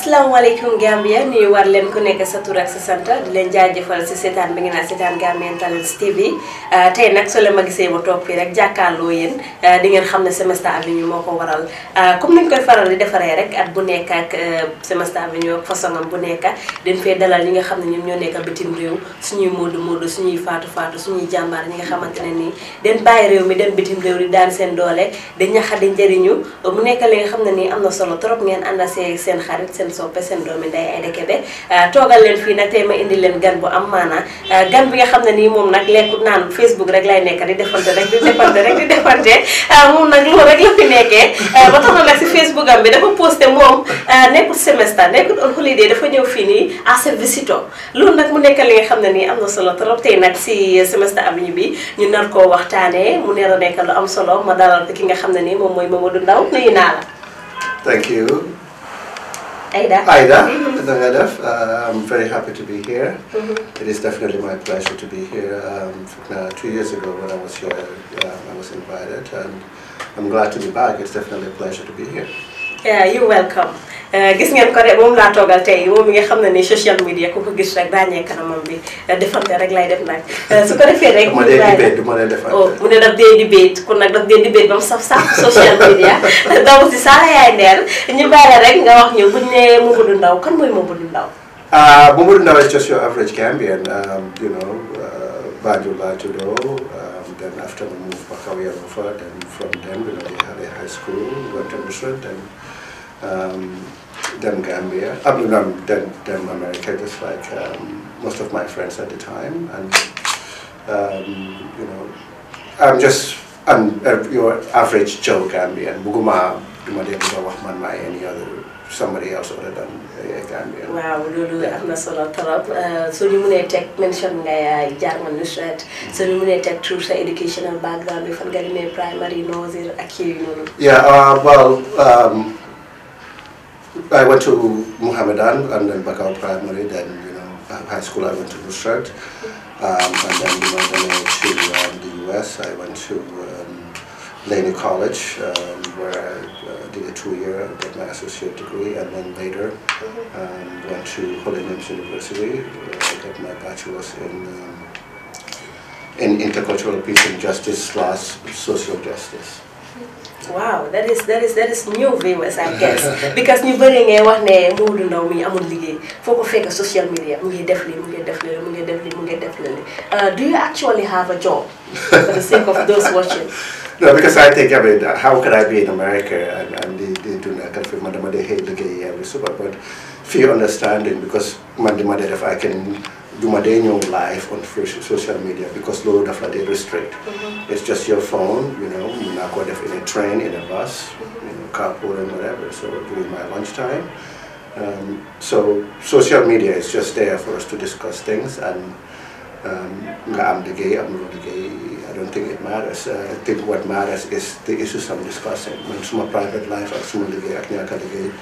assalamualaikum Gambia nuyu war len ku nek sa tour ak sa sant di len jajeufal ci setan bi ngeen a seetaan Gambian Talents TV uh, tay nak so la ma gisee ma top fi rek jakarlo yeen uh, di ngeen xamne Semester Avenue moko ko waral uh, comme ni ñu koy faral di defare rek at bu nek ak Semester Avenue ak fasonam bu nek den fe dalal ñi nga xamne ñom modu ñoo nek bitim sunyi suñuy modu modu suñuy fatu fatu suñuy jambar ñi nga xamantene ni den baye rew mi den bitim rew di daan sen doole ñaxa di jeriñu mu nek li nga xamne ni amna solo trop ngeen ànd sen xarit sen seen soppe seen doomi nday Aida Kébé euh, toogal leen fii nag tey ma indi leen gan bu am maanaa euh, gan bi nga xam ne nii moom nag lekkut naan Facebook rek lay nekk di defante rek di defante rek di defante euh, moom nag loolu rek la fi bi dafa posté moom nekkut semestre nekkut on holiday dafa ñëw fii nii à sa visito loolu nag mu nekk li nga nii am na solo trop tey nag si semestre avenue bi ñu nar koo waxtaanee mu nar a nekk am solo ma dalal ki nga xam ne nii moom mooy Mamadou Ndaw nuyu naa la. thank you. Aida. Aida mm-hmm. Dangadef. Uh, I'm very happy to be here. Mm -hmm. It is definitely my pleasure to be here. Um, two years ago when I was here, um, I was invited and I'm glad to be back. It's definitely a pleasure to be here. Yeah, you're welcome. Eh, gis ngeen ko de moom laa toogal tey moom mi nga xam na ni social media ku ko gis rek daañee kanamam bi eh, defante rek lay def nag eh, su ko defee rek. mu ne defante oh mu ne daf dee debate kon nag daf dee debate ba mu saf saf social media donc si Sala Yaye Nder ñu bàyyi rek nga wax ñu buñ ne Momodou Ndao kan mooy Momodou Ndao. Ah, Momodou Ndao is just your average Gambian um, you know uh, Banjul laa juddoo from um, then from then a high school went to Mission then. um, than Gambia, I mean, um, than, than America, just like um, most of my friends at the time. And, um, you know, I'm just an, uh, your average Joe Gambian. Buguma, Dumadekuba my any other somebody else other than uh, a Gambian. Lulu, i am na solo trop uh, soo ñu mënee teg mention ngay jaar nga Nusrat mm. soo ñu mënee teg tout sa educational background before fan nga primary nursery ak yooyu noonu. yeah uh, well. Um, I went to Muhammadan and then Bakau Primary, then you know high school I went to Nusrat, um, and then you know then I went to um, the US. I went to um, Laney College um, where I uh, did a two-year, got my associate degree, and then later um, went to Holy Names University where I got my bachelor's in um, in intercultural peace and justice slash social justice. Wow, that is that is that is new viewers I guess because new bëri ngay wax ne Modou Ndaw mi amul liggéey foo ko fekk social media mu definitely, def definitely, mu definitely, def definitely. mu uh, do you actually have a job for the sake of those watching no because I think I mean how could I be in America and and they di dund ak fi man dama dee xëy liggéey every super, but fii understanding because man dama dee def I can duma dee ñëw life on social media because loolu daf la dee straight. it's just your phone you know mun naa koo def in a train in a bus mm-hmm. you know carpool and whatever so during my lunchtime, um, so social media is just there for us to discuss things and I'm um, not am gay. I am loo gay I don't think it matters uh, I think what matters is the issues I'm discussing it's my private life ak suma I ak ñaaka liggéey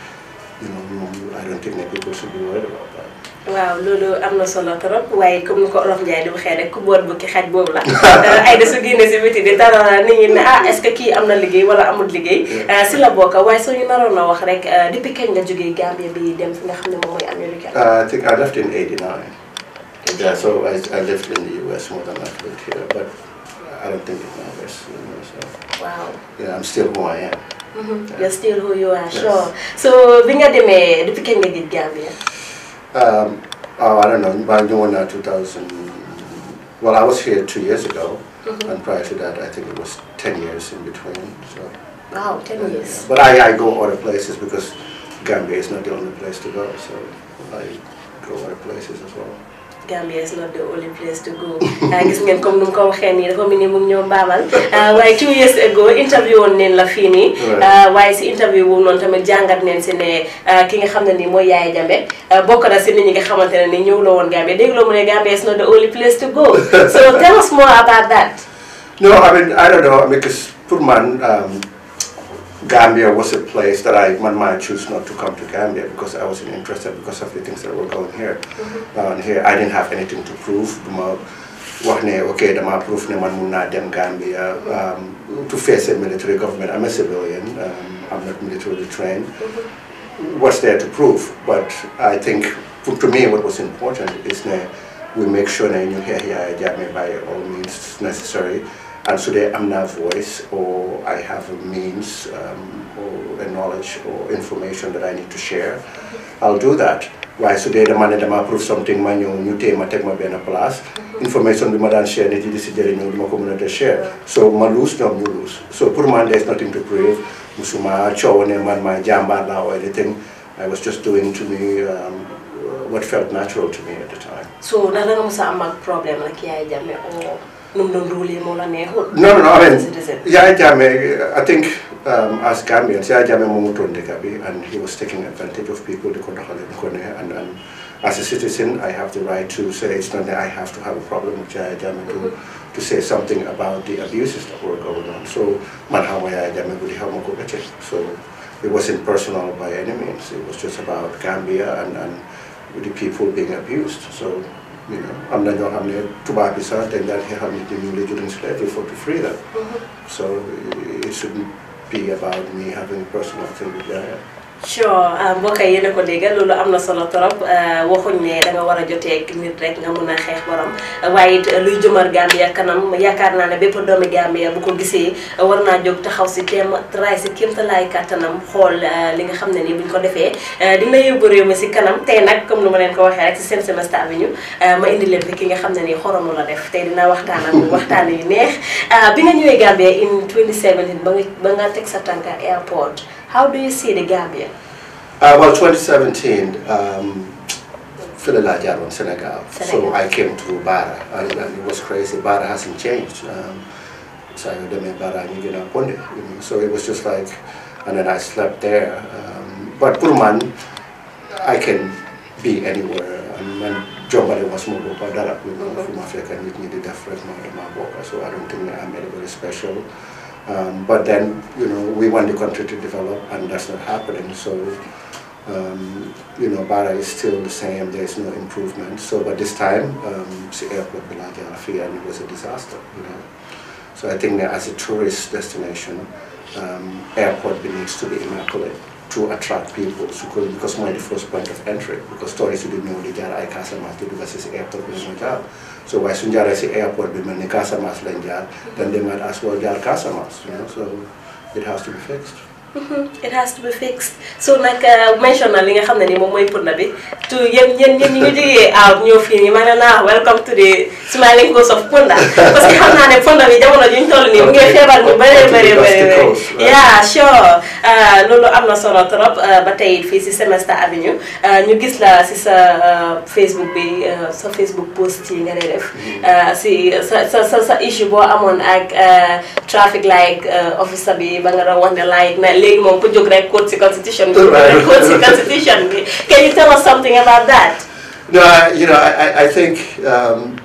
you know I don't think ne people should be worried about that waaw loolu am na solo trop waaye comme ni ko Olof Ndiaye di waxee rek ku boot bukki xaj boobu la ay de su génne si biti di dara nit ñi ne ah est que kii am na liggéey wala amul liggéey mm. euh, si la bokk waaye soo ñu naroon a wax rek euh, depuis kañ nga jógee Gambia bi dem fi nga xam ne moom mooy America ah, I think I left in so I, I I lived here but so am still who mm-hmm. so bi nga demee di kañ nga gis Gambia Um, oh, I don't know, I'm doing that 2000. Well, I was here two years ago, mm -hmm. and prior to that, I think it was 10 years in between. So. Wow, 10 and, years. Yeah. But I, I go other places because Gambia is not the only place to go, so I go other places as well. Gambia is not the only place to go ah, gis ngeen comme nu mu ko waxee nii dafa mel ni mu ngi ñoo mbaamal ah, waaye two years ago interview woon neen la fii nii ah, waaye si interview boobu noonu tamit jàngat neen si ne ki nga xam ne nii mooy Yaya Jammeh bokk na si nit ñi nga xamante ne ni ñëw la woon Gambia dégloo mu ne Gambia is not the only place to go so tell us about that no I mean I don't know because pour man um, Gambia was a place that I, one might choose not to come to Gambia because I wasn't interested because of the things that were going here. Mm -hmm. here, I didn't have anything to prove. duma wax ne ok dama proof ne man mun naa dem Gambia mm-hmm. um, to face a military government. I'm a civilian. Um, I'm not militarily trained. Mm -hmm. What's there to prove? But I think to me, what was important is that we make sure that you hear here by all means necessary and so they, I'm not voice or I have a means um, or a knowledge or information that I need to share, I'll do that. Why su the dama ne approve something my ñëw ñu téye take teg ma benn place information bi ma daan share nit yi di si jëriñoo du share so my luus ñoom ñu so for man there's nothing to prove musuma coow ne man or anything I was just doing to me um, what felt natural to me at the time. so ndax da nga mos a problem ak problème jàmme no, no, no. I mean Yaya Jammeh I think um, as Gambians Yaya Jammeh moo and he was taking advantage of people di ko doxalee and and as a citizen I have the right to say it's not that I have to have a problem with Yaya Jammeh to mm-hmm. to say something about the abuses that were going on so man xaw ma Yaya Jammeh guddi so it wasn't personal by any means it was just about Gambia and and the people being abused so am na ñoo xam ne tubaab bi sax dañ daan xeexal nit ñi ñu ngi lay jëriñ si every for to free them. Mm-hmm. so it shouldn't be about me having personal thing with Yaya. sure ah, mbokk yi yéen a ko déggal loolu am na solo torop ah, waxuñ ne da war a jotee ak nit rek nga mun a xeex borom waaye it luy jëmal Gambia kanam yaakaar naa ne bépp doomi Gambia bu ko gisee war naa jóg taxaw si kéem tray si kéem talaay kàttanam xool ah, li nga xam ne nii bu ñu ko defee dina yóbbu réew mi si kanam tey nag comme lu ma leen ko waxee rek si seen Semester Avenue ma indi leen fi ki nga xam ne nii xoromu a def tey dina waxtaan ak waxtaan yu neex bi nga ñëwee Gambia in 2017 ba nga ba nga teg sa tànka airport. How do you see the Gambia? Uh, well, 2017, um, Filalajar in Senegal. Senegal. So I came to Bara, and, and it was crazy. Bara hasn't changed. Um, so I Bara you know, So it was just like, and then I slept there. Um, but me, I can be anywhere. And, and Jombale was more about that, you know, from Africa, and it needed a fresh amount of my work. So I don't think I'm anybody special. Um, but then, you know, we want the country to develop, and that's not happening. So, um, you know, Barra is still the same. There's no improvement. So, but this time, um, the airport Belagi Alafia, and it was a disaster. You know, so I think that as a tourist destination, um, airport needs to be immaculate to attract people because because more the first point of entry because tourists didn't know they got I Casa Matu because it's airport was my job. so waaye suñ jaaree si airport bi mel ni Casamance lañ jaar dañ demaat as well jaar Casamance you know so it has to be fixed Mhm. it has to be fixed so nag uh, mention na li nga xam ne nii moom mooy purna bi to yéen yéen yéen ñi ñu jógee out ah, ñëw fii nii ma ne naa welcome to the smiling coast of Punda parce que xam naa ne Punda bi jamono ji ñu toll nii mu ngi feebar ñu bëree bëri bëri bëri yeah sure uh, loolu am na solo trop uh, ba tey fii si Semester Avenue ñu gis la si sa Facebook bi sa Facebook post yi nga dee def mm-hmm. si sa sa issue boo amoon ak traffic light officer bi ba nga doon wax léegi moom ku jóg constitution bi. constitution can you tell us something about that? No, I, you know, I, I think um,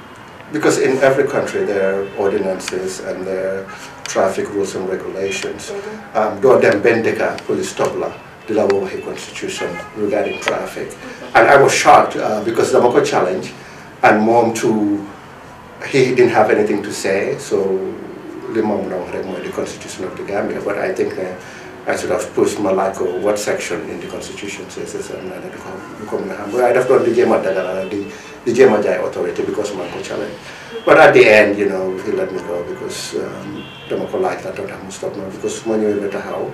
because in every country there are ordinances and there are traffic rules and regulations. Doo dem benn dëkk police topp la constitution regarding traffic. Mm-hmm. And I was shocked uh, because the ko challenge and Momu too he didn't have anything to say so the moom the constitution of the Gambia but I think that I should have pushed Malako uh, what section in the constitution says it's an But I'd have gone to Jema the, the Jema Jai authority because Malako challenged. But at the end, you know, he let me go because um, Malako liked that, I thought I must stop now because money will better how.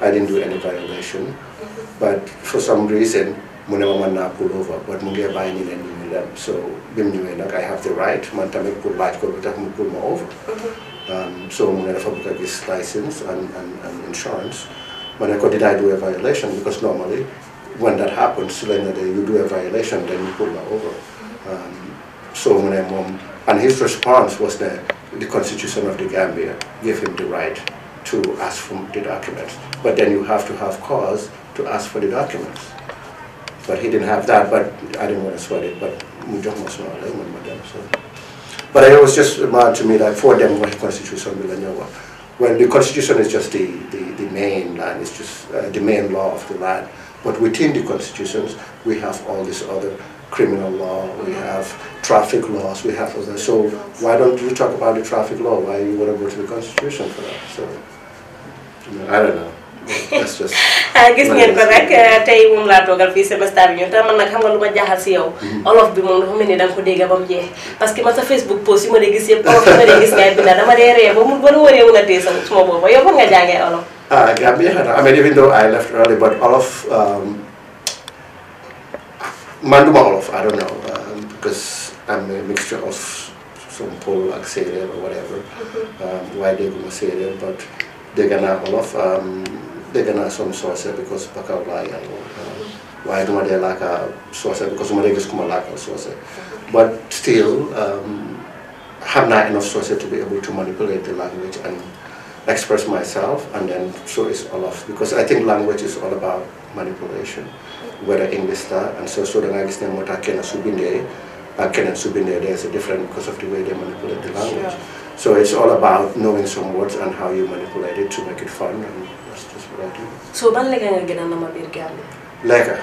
I didn't do any violation. But for some reason, Munema pulled over, but Mungia buying in of them. So, I have the right, Mantamik pulled light go, but I pull over. Um, so when I fabricate this license and, and, and insurance, when I could, did I do a violation? Because normally, when that happens, then you do a violation, then you pull her over. Um, so when I mom, and his response was that the Constitution of the Gambia gave him the right to ask for the documents. But then you have to have cause to ask for the documents. But he didn't have that, but I didn't want to sweat it, but it. But it was just remarked to me that for them what constitution Milanyowa. when the constitution is just the, the, the main land, it's just uh, the main law of the land. But within the constitutions, we have all this other criminal law, we have traffic laws, we have other. So why don't you talk about the traffic law? Why you want to go to the constitution for that? So I don't know. Ah, gis ngeen ko nag eh, tey moom laa toogal fii semestre bi ñun te man nag xam nga lu ma jaaxal si yow. Mm-hmm. olof bi moom dafa mel ni da nga ko dégg ba mu jeex. parce que man sa Facebook post yu ma dee gis yëpp olof yu ma dee gis ngay binda dama dee ree ba mu ba lu wëree wu nga téye sama suma boobu yow fan nga jàngee olof. ah Gambia xanaa I mean even though I left early but olof um, man du ma olof I don't know um, because I'm a mixture of some Pole ak séeréer or whatever. Mm-hmm. Um, waaye dégguma séeréer but dégg naa olof dégg naa some soose because bakaaw laa yàlla waaye duma dee laaka soose because my dee gis ku a laaka soose but still um, have not enough source to be able to manipulate the language and express myself and then so is all of because I think language is all about manipulation whether English la and so so dangaa gis ne moo can not su bindee ak keneen there is a difference because of the way they manipulate the language so it's all about knowing some words and how you manipulate it to make it fun and so ban lekka a nama biir Gambie. lekka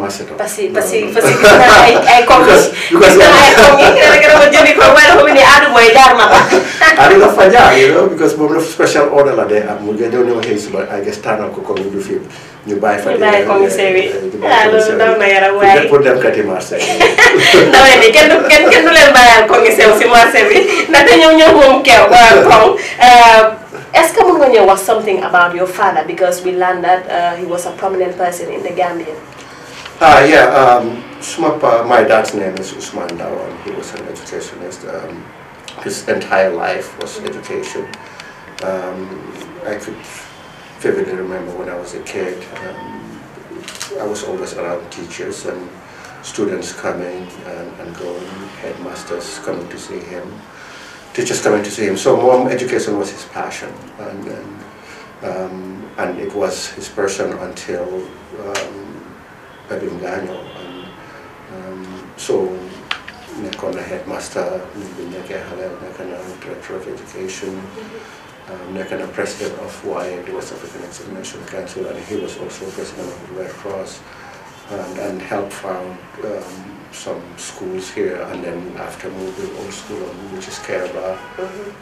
ma seetlu. parce que parce que parce que gis naa ay ay koom yi. yu ko seetlu gis naa ay koom yi rek dafa jëndi koom waaye dafa mel ni a xëy si loolu na yaram waaye pour dem kati marché. kenn du kenn kenn du leen bàyyal commissaire si marché bi ndaxte ñoom ñoo moom kew koom. Eska ce was something about your father because we learned that uh, he was a prominent person in the Gambia. Ah uh, yeah, um, uh, my dad's name is Usman Dawan. He was an educationist. Um, his entire life was education. Um, I could vividly remember when I was a kid. Um, I was always around teachers and students coming and, um, and going, headmasters coming to see him teachers coming to see him. So mom, education was his passion, and and, um, and it was his person until um, Edwin Daniel. And um, so Nekona headmaster, Neke Halel, Nekona director of education. Um, Nekana president of YA, the West African Examination Council, and he was also president of the Red Cross and, and found um, some schools here and then after moving to old school which is Kerba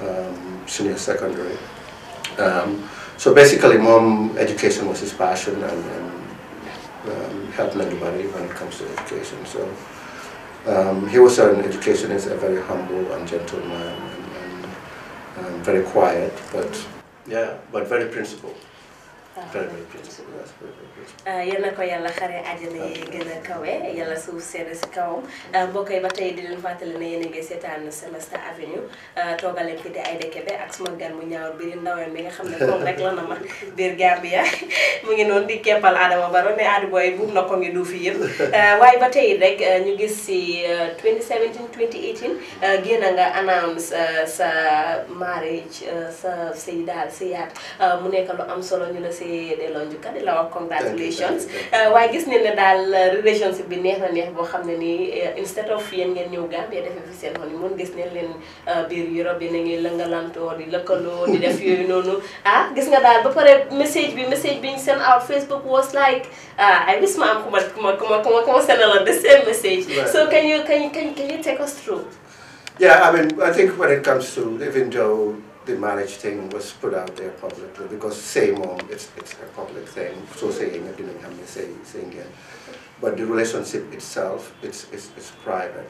um, Senior Secondary. Um, so basically mom education was his passion and, and um, helping anybody when it comes to education. So um, he was an educationist, a very humble and gentle man and, and very quiet but yeah, but very principled. Ah, yal na ko yàlla xare àjjana yi gën a kawe yàlla suuf seen si kawam ah, mbokk ba tey di leen fàttali ne yéen a ah, ngi seetaan Semester Avenue toogaleen fi di Aida Kebe ak suma gan mu ñaawar bi di ndawam bi nga xam ne rek la na ma biir Gambia mu ngi noonu di keppal Adama Barrow ne Adi Boy buub na ko ngi du fi yëpp waaye ba tey rek ñu gis si 2017 2018 génn nga announce sa marriage sa sëy daal sëyaat mu nekk lu am solo ñu la si delloo njukkal di la wax congratulations uh, waaye gis ne ne daal relationship bi neex na neex boo xam ne eh, instead of yéen ngeen ñëw Gambie defee fi seen honeymoon mun gis ne leen uh, biir Europe bi na ngi lëngalantoo di lëkkaloo di def yooyu noonu ah gis nga daal ba pare message bi message bi ñu out Facebook was like ah, I miss ma am ku ma ku ma ku ma ku ma the same message so can you can you can you take us through yeah I mean I think when it comes to even though the marriage thing was put out there publicly because same mom, it's, it's a public thing, so saying it didn't have me say, saying it. But the relationship itself, it's, it's, it's private.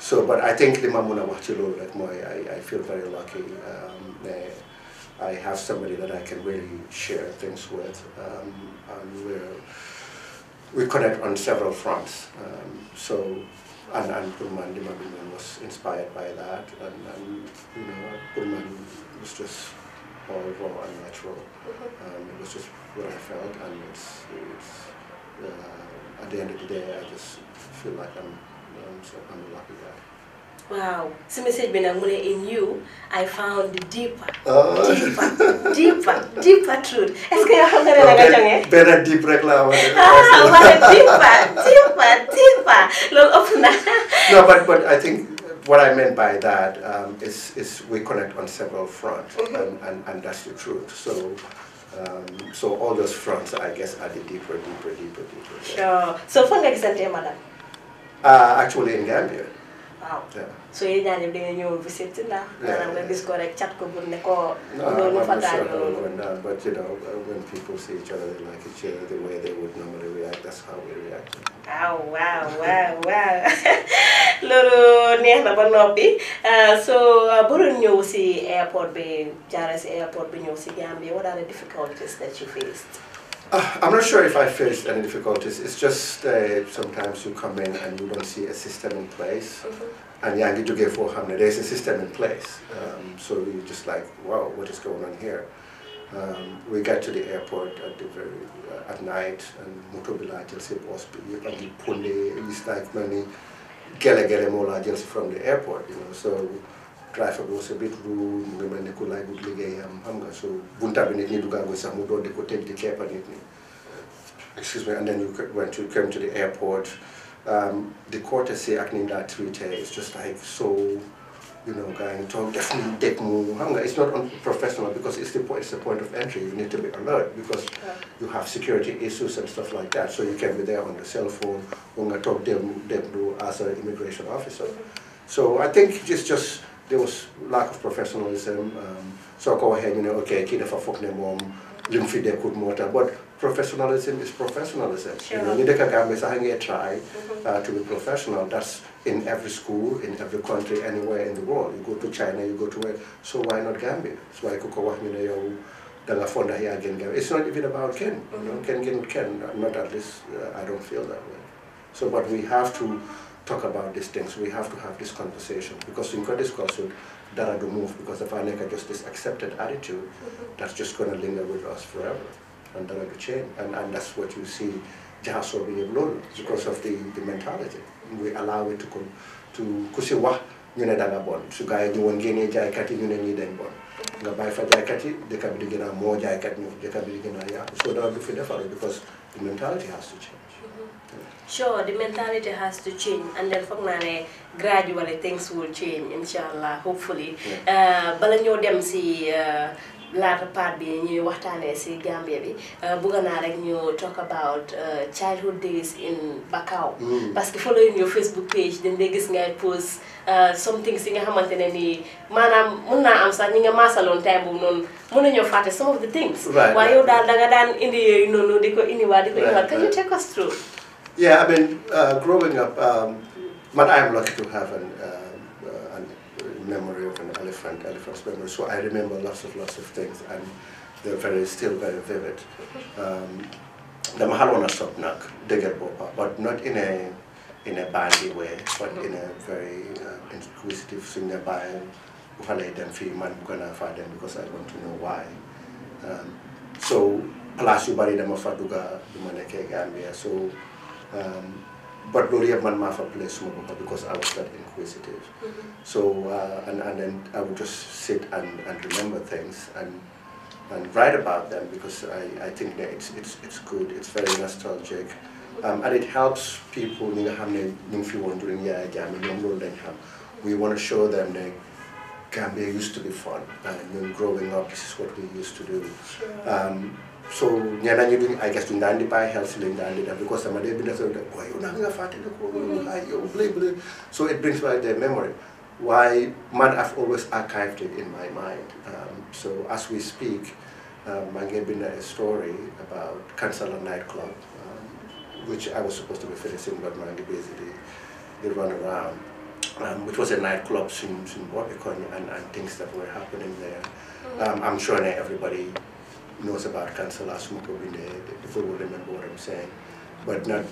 So, but I think the Mamuna wachilu like my, I, I feel very lucky. Um, I, eh, I have somebody that I can really share things with. Um, and we we connect on several fronts. Um, so and, and Purman was inspired by that and, and you know Purman was just all raw and natural. Mm-hmm. Um, it was just what I felt and it's, it's uh, at the end of the day I just feel like I'm, I'm, so, I'm a lucky guy. Wow. So message bi in you I found deeper. Oh. deeper deeper deeper truth est-ce que yow xam nga ne la deep rek ah wala deeper deeper deeper loolu ëpp no but but I think what I meant by that um, is is we connect on several fronts. Mm-hmm. and and and that's the truth so. Um, so all those fronts, I guess, are the deeper, deeper, deeper, deeper. Sure. So, for an example, madam. Uh, actually, in Gambia waaw su yee jaajëf da ngay ñëw bi seet si ndax. maanaam nga gis ko rek cat ko bu ne ko. loolu fatal loolu when uh, but you know uh, when people see each other they like each other the way they would normally react that's how we react. Wow! Wow! Wow! Wow! Lulu, neex na ba noppi uh, so uh, bëroon ñëw si airport be, jaaree si airport bi ñëw si Gambia what are the difficulties that you faced. Uh, I'm not sure if I faced any difficulties. It's just uh, sometimes you come in and you don't see a system in place. Mm -hmm. And Yangi Duge 400, there's a system in place. Um, so you're just like, wow, what is going on here? Um, we get to the airport at the very uh, at night and Mutobila Chelsea Hospital and Pune, East like many, Gele Gele Mola Chelsea from the airport, you know. So Driver was a bit rude We ngi mel ne ku laay wut liggéeyam xam so bunta bi nit ñi duggaango sax mu doon di ko tëj excuse me and then you went to came to the airport um, the courtesy ak ni daa treaté is just like so you know going ngi definitely def ni dégg it's not unprofessional because it's the point it's the point of entry you need to be alert because you have security issues and stuff like that so you can be there on the cell phone or talk them dem dem as an immigration officer mm-hmm. so I think it's just there was lack of professionalism. Um, so I go ahead, you know, okay, kid if I fuck them mom, lim fi de kut But professionalism is professionalism. Sure. You know, you deka gambe sa hangi try uh, mm-hmm. to be professional. That's in every school, in every country, anywhere in the world. You go to China, you go to where. So why not Gambia? So why kuko wah mina you danga the here again It's not even about Ken. You know, mm-hmm. Ken, Ken, Ken. Not at least uh, I don't feel that way. So, but we have to talk about these things. We have to have this conversation because in Kurdish Council, that are the move because if I make just this accepted attitude that's just going to linger with us forever and that are the change. And, and that's what you see Jahaso being blown because of the, the mentality. We allow it to come to kusiwa ñu ne da nga bon su gars yi ñu woon génnee jaaykat yi ñu ne ñii dañ bon nga bàyyi fa jaaykat yi dëkk a moo jaaykat ñu dëkk bi di gën because the mentality has to change Sure, the mentality has to change, and then foog naa ne gradually things will change inshallah hopefully. Uh, bala ñoo dem si uh, latter part bi ñuy waxtaanee si Gambia bi uh, bëgg naa rek ñu talk about childhood days in Bakau. Mm. parce que following your Facebook page dañ dee gis ngay post some things yi nga xamante ne nii maanaam mun naa am sax ñi nga maasaloon time boobu noonu mun nañoo fàtte some of the things. waaye daal da nga daan indi noonu di ko indiwaat di ko Yeah, I mean, uh, growing up, um, but I'm lucky to have an, uh, a uh, memory of an elephant, elephant's memory. So I remember lots of lots of things, and they're very still very vivid. Um, the Mahalona Sopnak, Degerbopa, but not in a in a bandy way, but in a very uh, inquisitive, signifier, because I want to know why. Um, so, plus you bury them a Faduga, Gambia. So, um, but Gloria Manmafa plays Sumabumba because I was that inquisitive. Mm -hmm. So, uh, and, and then I would just sit and, and remember things and, and write about them because I, I think that it's, it's, it's good, it's very nostalgic. Um, and it helps people, we want to show them that Gambia used to be fun and growing up, this is what we used to do. Um, so ñeneen ñi duñ ay gëstu ñu daan di bàyyi xel si lañ because sama day bi def seen waaye yow naa nga fàttali ko ay yow so it brings back the memory why man I've always archived it in my mind um, so as we speak maa um, ngi a story about Kansala nightclub um, which I was supposed to be finishing but Mangi basically did run around um, which was a nightclub in, in Barbican and, and things that were happening there. Mm. Um, I'm sure everybody knows about cancer lasumukobine, the full will remember what I'm saying, but not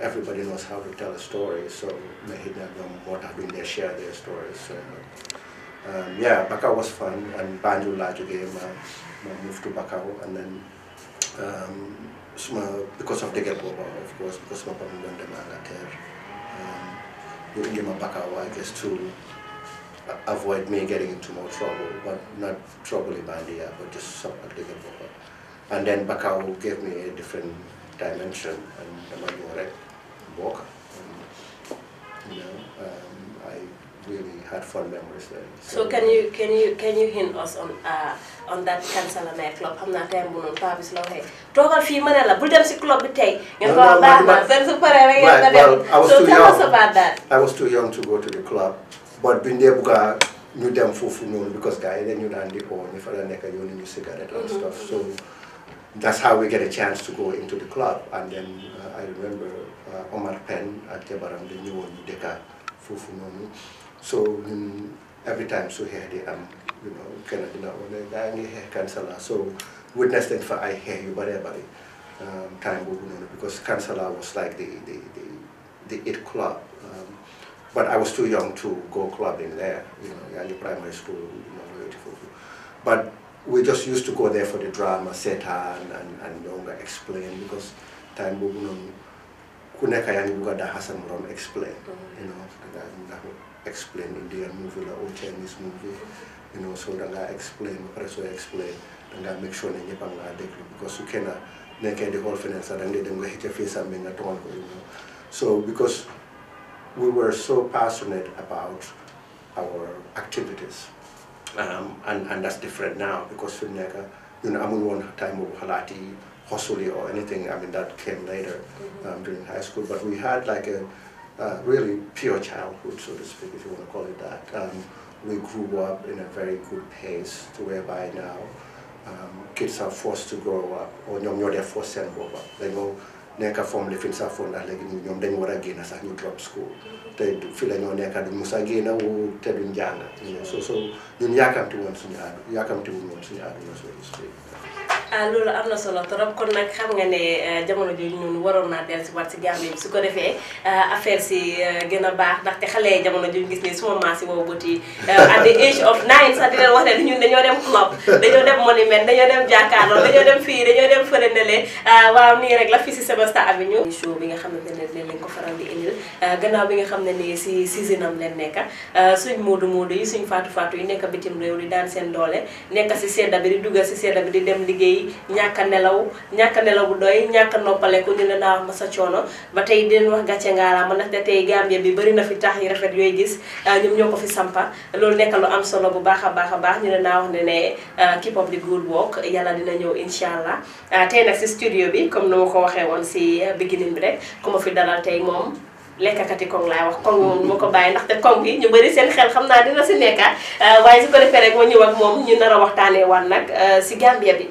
everybody knows how to tell a story, so have been there, share their stories. So, um, yeah, Bakau was fun, and Banjo Laju game, I moved to Bakau, and then um, because of the gap of course, because my family went to Malater, um, you my Bakau, I guess, to avoid me getting into more trouble, but not trouble in Bandia, but just something like and then Bakau gave me a different dimension and Damagore walk. And, you know, um, I really had fun memories there. So, so can you can you can you hint us on uh, on that Kansala Mare club? I'm not time bunun Pavis Lohe. Togal fi manela, bul dem si club bi tay. Nga ko ba ma sen su So tell young. us about that. I was too young to go to the club. But binde de buga ñu dem fofu noonu because gars yi dañu daan di oo ñu fa la nekk yoonu ñu cigarette and mm-hmm. stuff so that's how we get a chance to go into the club. And then uh, I remember uh, Omar Penn at Tebarang, the new one, Deka Fufunomi. So mm, every time so here they am, um, you know, kind of, you know, Kansala. So witness that for I hear you, but everybody. Um, time because Kansala was like the, the, the, the it club. Um, but I was too young to go clubbing there, you know, in primary school, you know, beautiful. But we just used to go there for the drama set and, and, and Yonga explain because time Bubunum Kuneka Yang Bugada hasan Ron explain. You know, that explain Indian movie or Chinese movie. You know, so that I explain, so explain, and I make sure that I because you cannot make the whole finance and then go hit your face and being at all, you know. So because we were so passionate about our activities. Um, and, and that's different now because Fimneka, you know, in one time of halati, hosuli or anything, I mean, that came later mm-hmm. um, during high school. But we had like a, really pure childhood, so to speak, if you want to call it that. Um, we grew up in a very good pace to whereby now um, kids are forced to grow up, or know, they're forced to bopp. dañoo nekk form li fi ñu sax foon ndax léegi ñoom dañu war a génn drop school. Mm-hmm. te fi la ñoo nekka duñ musa génn wu te duñ jàng so so ñun yaakamti woon suñu aadu yaakamti wuñ woon suñu aaduna so ah loolu am na solo trop kon nag xam nga ne euh, jamono jooju noonu waroon naa dellu si waat si Gambie bi su ko defee euh, affaire si euh, gën a baax ndaxte xale yi jamono jooju gis ne suma maas yi wow bët yi at the age of nine sax di leen dañoo dem club dañoo dem monument dañoo dem jàkkaarloo dañoo dem fii dañoo dem fële ne lee waaw nii rek la fii si Semester Avenue show bi nga xamante ne ko faral di indil gannaaw nga xam ne nii si sisinam leen nekka suñ moodu moodu yi suñ faatu faatu yi nekk bitim réew di daan seen doole nekk si sedda bi di dugal si sedda bi di dem liggéey liggéey ñàkk a nelaw ñàkk a nelaw bu doy ñàkk a noppaleku ñu leen daa wax ma sa coono ba tey di wax gàcce ngaalaama nag te tey Gambie bi bëri na fi taax yi rafet yooyu gis ah, ñoom ñoo ko nekk lu am solo bu baax a baax a baax ñu leen daa wax ne ne ah, keep up the good dina ñëw incha allah ah, tey nag si studio bi comme ni ma ko waxee woon si beginning bi rek ku ma fi dalal tey moom lekkakati koŋ laay wax koŋ moom du ma ko bàyyi ndaxte koŋ bi ñu bëri seen xel xam naa dina si nekka waaye su ko defee ma ñëw ak moom ñu nar a waxtaanee waan nag si Gambia bi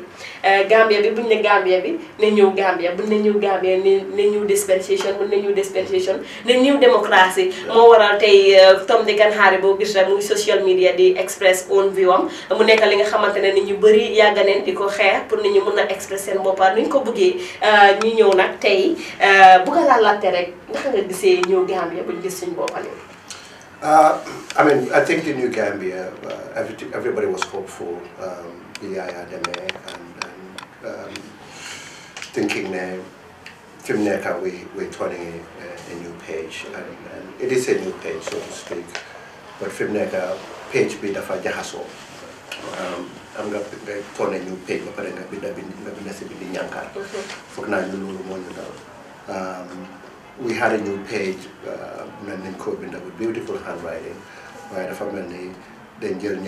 Euh, Gambia bi buñ ne Gambia bi ne ñëw Gambia buñ ne ñëw Gambia ne ne ñëw dispensation buñ ne ñëw dispensation ne ñëw démocratie moo waral tey euh, tom di gan xaari boo gis rek muy social media di express own view mu nekk li nga xamante ne nit ñu bëri yàgg di ko xeex pour nit ñu mun a express seen boppa ni ñu ko bëggee euh, ñu ñëw nag tey bu ko laa laajte rek naka nga gisee ñëw Gambia buñ gis suñu boppam Uh, I mean, I think the new Gambia, uh, every, everybody was hopeful. Um, the um, thinking now, Fimneka, we, we're turning a, uh, a new page, and, and, it is a new page, so to speak. But Fimneka, page B, dafa jahaso. Um, i am gonna turn a new page but I'm going to binda si bindi ñankar foog naa we had a new page mel nañ ko beautiful handwriting by the family, ni dañ jël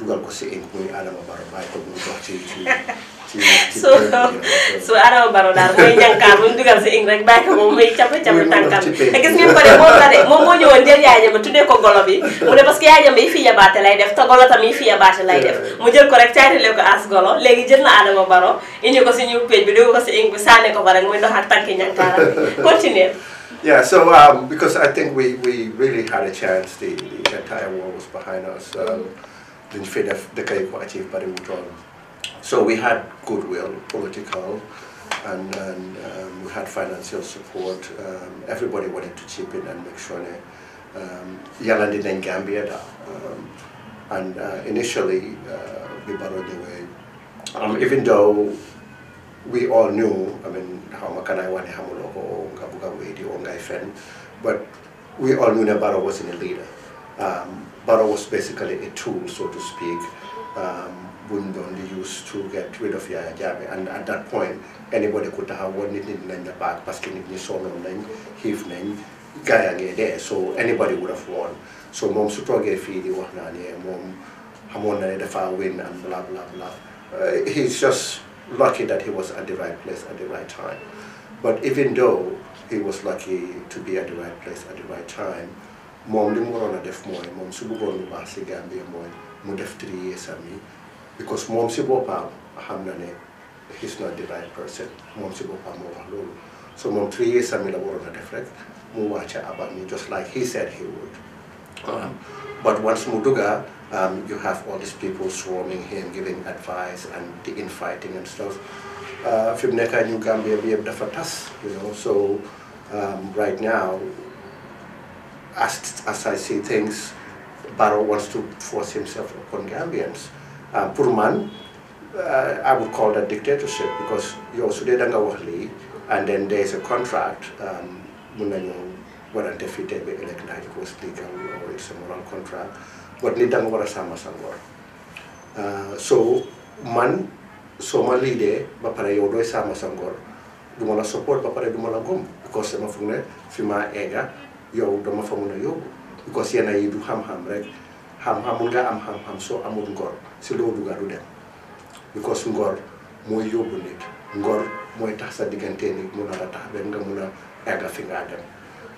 so so def def as golo continue Yeah, so um, because I think we, we really had a chance. The, the entire world was behind us. Um, mm the FEDEF, the Kaiko achieved by the withdrawal. So we had goodwill, political, and, and um, we had financial support. Um, everybody wanted to chip in and make sure that um, Yalandi then Gambia da. Um, and uh, initially, uh, we borrowed away. Um, even though we all knew, I mean, how Makanai Wani Hamuloko, Ngabuga Wedi, Ongai Fen, but we all knew Baro wasn't a leader. Um, Barrow was basically a tool, so to speak, um, only used to get rid of Yaya Jammeh. And at that point, anybody could have won it in the back because que nit ñi sonon nañ xiif nañ so anybody would have won so Mom su gave fii di mom naa ne moom win and blah blah blah uh, he's just lucky that he was at the right place at the right time but even though he was lucky to be at the right place at the right time Mom li mu waroon a def mooy mom su bëggoon lu baax si Gambia mooy mu def three years am yi because mom si boppam xam na ne he's not the right person moom si boppam moo wax loolu so mom three years am yi la waroon a def rek mu about abam just like he said he would um, but once mu dugga um, you have all these people swarming him giving advice and the infighting and stuff uh, fi mu nekkaa ñu Gambia bi yëpp dafa tas you know so um, right now as, as I see things, Barrow wants to force himself upon Gambians. Uh, Purman, uh, I would call that dictatorship because you su dee da nga wax and then there is a contract mun nañu warante fii tey ba it was legal or it's a moral contract but nit da nga war so man so ma liidee ba pare yow dooy Dumala support ba dumala gum because dama foog ne fi ma yow dama fa mun a yóbbu because yenn yi du xam-xam rek xam-xam nga am xam-xam so amul ngor si loo dugga du dem because ngor moy yobbu nit ngor moy tax sa digante ni mu na tax ben nga mu na egg fi nga dem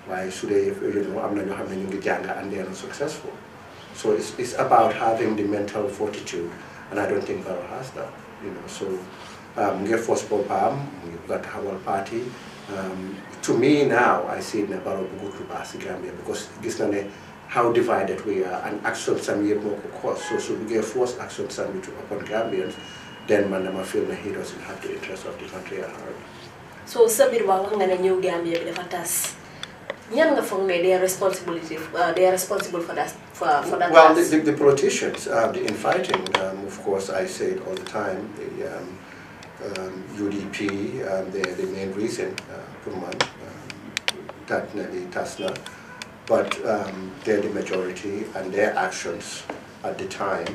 waye su dee am na ñu ngi jàng na successful so it's, it's about having the mental fortitude and I don't think that has that you know so um, ngir force pam mu ngi bugg taxawal Um, to me now, I see Nabaro Bugutrubasi Gambia because this is how divided we are, and Axel some Moko course. So, so we gave force Axel some to upon Gambians, then Manama feel that he doesn't have the interest of the country at heart. So, Sabir Wawangana New Gambia, the Fatas. they are responsibility. Uh, they are responsible for that. For, for that well, the, the, the, politicians, uh, the infighting. Um, of course, I say it all the time. The, um, um, UDP, um, the, the main reason, Puman, uh, uh, Tatnali, Tasna, but um, they're the majority and their actions at the time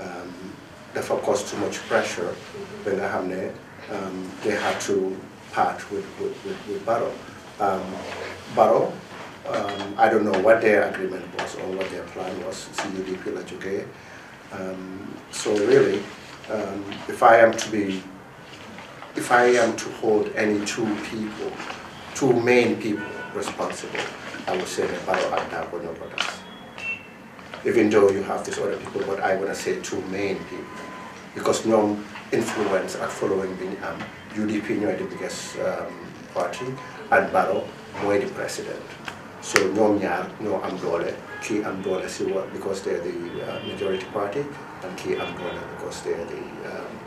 um, therefore caused too much pressure when um, they had to part with, with, with, with Barrow. Um, um, I don't know what their agreement was or what their plan was, CUDP Lajuge. Um, so really, um, if I am to be if I am to hold any two people, two main people responsible, I would say Nebayo and Dagono brothers. Even though you have these other people, but I want to say two main people. Because no influence are following Binyam, UDP is the biggest um, party, and Barrow, Moy the president. So no ñaar no am doole kii because they are the uh, majority party and kii am because they are the um,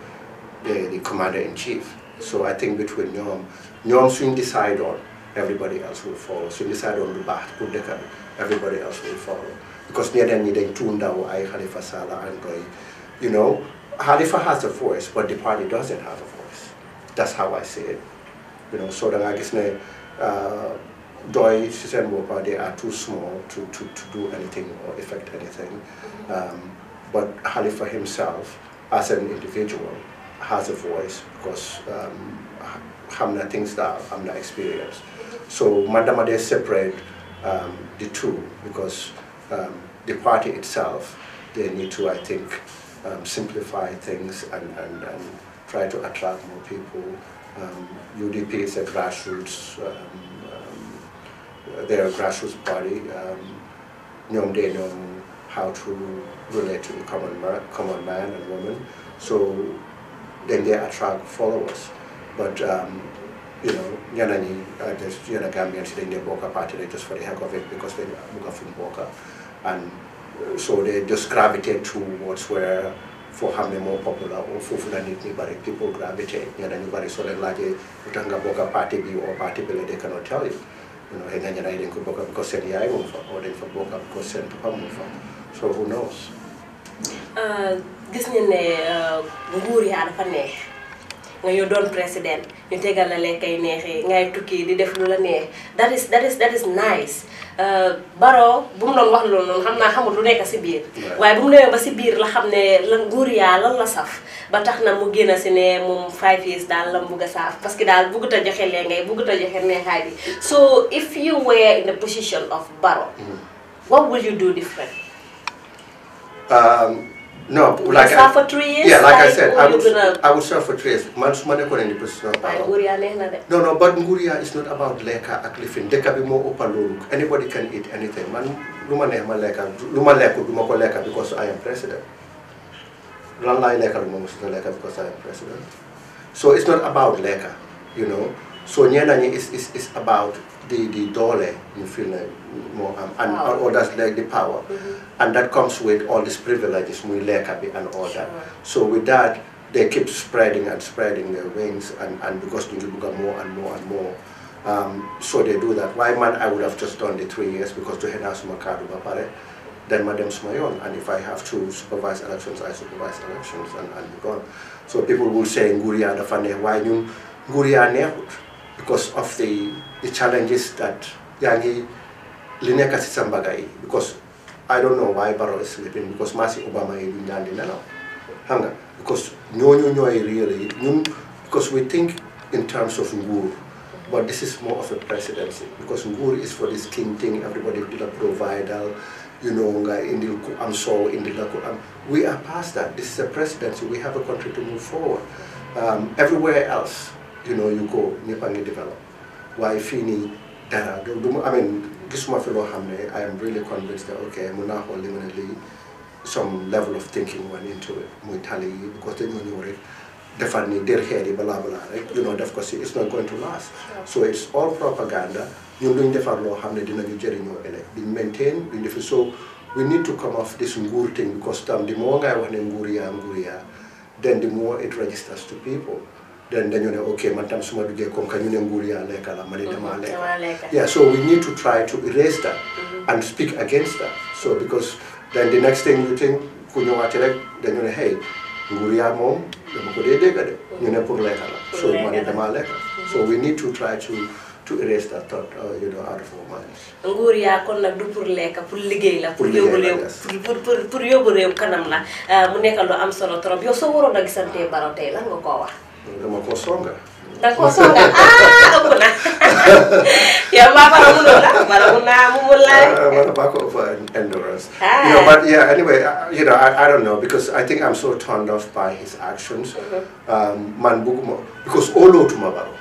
the, the commander-in-chief. So I think between ñoom ñoom suñ decide on everybody else will follow You decide on lu baax everybody else will follow because ñeneen ñi dañ tuur ndaw ay Halifa Sallah and Roy you know Halifa has a voice but the party doesn't have a voice that's how I see it you know so da ngaa gis ne doy si seen they are too small to to to do anything or effect anything mm-hmm. um, but Halifa himself as an individual has a voice because um, Hamna thinks that Hamna experienced. So Mandamade separate um, the two because um, the party itself, they need to, I think, um, simplify things and, and, and, try to attract more people. UDP um, is a grassroots, um, they're a grassroots party. Um, they know how to relate to the common man, common man and woman. So then they attract followers. But um, you know, Yanani, uh, there's Yana Gambians sitting their Boka party they just for the heck of it because they are from Boka. And uh, so they just gravitate towards where for Hamne more popular or Fufuna Nitnibari, people gravitate. Yananibari so they like Utanga Boka party B or party bill they cannot tell you. You know, Henya Yanai could Boka because Sen Yai or they for Boka because Sen Papa So who knows? Uh, gis ñu ne euh, nguur yaa dafa neex nga ñëw doon président ñu tegal la lekk ay ngay tukki di def lu la neex that is that is that is nice euh, baro bu mu doon wax lu noonu xam naa xamul lu nekk si biir waaye bu mu demee ba si biir la xam ne nguur yaa lan la saf ba tax mu génn si ne moom five years daal la bugg a saaf parce que daal buggut a joxe lee ngay a joxe neexaay bi so if you were in the position of baro mm. what would you do different um, non like I for three for three years man su ma nekkoon indi position. waaye nguur yaa de. non non not about lekka ak lifin dëkk bi moo ëpp anybody can eat anything man lu ma neex lekka lu ma lekk du ma ko lekka because I am president lan laay lekka lu ma mosut a lekka because I am president so it's not about lekka you know so ñenn ñi is about. the, the dole you feel like more um, and all that's like the power mm -hmm. and that comes with all these privileges we and all sure. that so with that they keep spreading and spreading their wings and, and because they get more and more and more um, so they do that why man I would have just done the three years because to henna sumakadu bapare then madam's my own and if I have to supervise elections I supervise elections and, and gone so people will say Nguria the why you Nguria neighborhood because of the the challenges that Yangi linear kasisang because I don't know why Barrow is sleeping because masih Obama ay dunyan din now. Hanga because no no no really because we think in terms of ngur but this is more of a presidency because ngur is for this king thing everybody did a provider you know nga indil ko am so indil ko am we are past that this is a presidency we have a country to move forward um, everywhere else you know you go nipangi develop waaye Fini dara du du mu amee gisuma fi loo I am really convinced that ok mun naa xool li some level of thinking went into it muy tali yi because dañoo ñëw rek defar ni dér xeer yi balaa balaa rek you know def ko si it's not going to last so it's all propaganda ñun duñ defar loo xam ne dinañu jëriñoo ëllëg duñ maintain duñ defi so we need to come off this nguur thing because tam di moo ngay wax ne nguur yaa nguur yaa then the more it registers to people then dañu ne okay man tam suma duggee comme que ñu ne nguur yaa lekka la mhm, ma ne damaa lekka yeah so we need to try to erase that mhm. and speak against that so because then the next thing you think ku ñëwaati rek dañu ne hey nguur yaa moom dama ko pour lekka la so ma mhm. to try to uh, kon nag du pour pour liggéey la. pour yóbbu réew pour pour pour yóbbu kanam la euh, mu nekk lu am solo trop yow soo waroon a gisantee Barrow tey nga koo wax. ngamaphosoga ndakosonga akona yeah mara munona mara unamu mulai mara bako of uh, endurance ah. you know but yeah anyway uh, you know I, I don't know because I think I'm so turned off by his actions mm-hmm. um man bukumo because olo tumabaro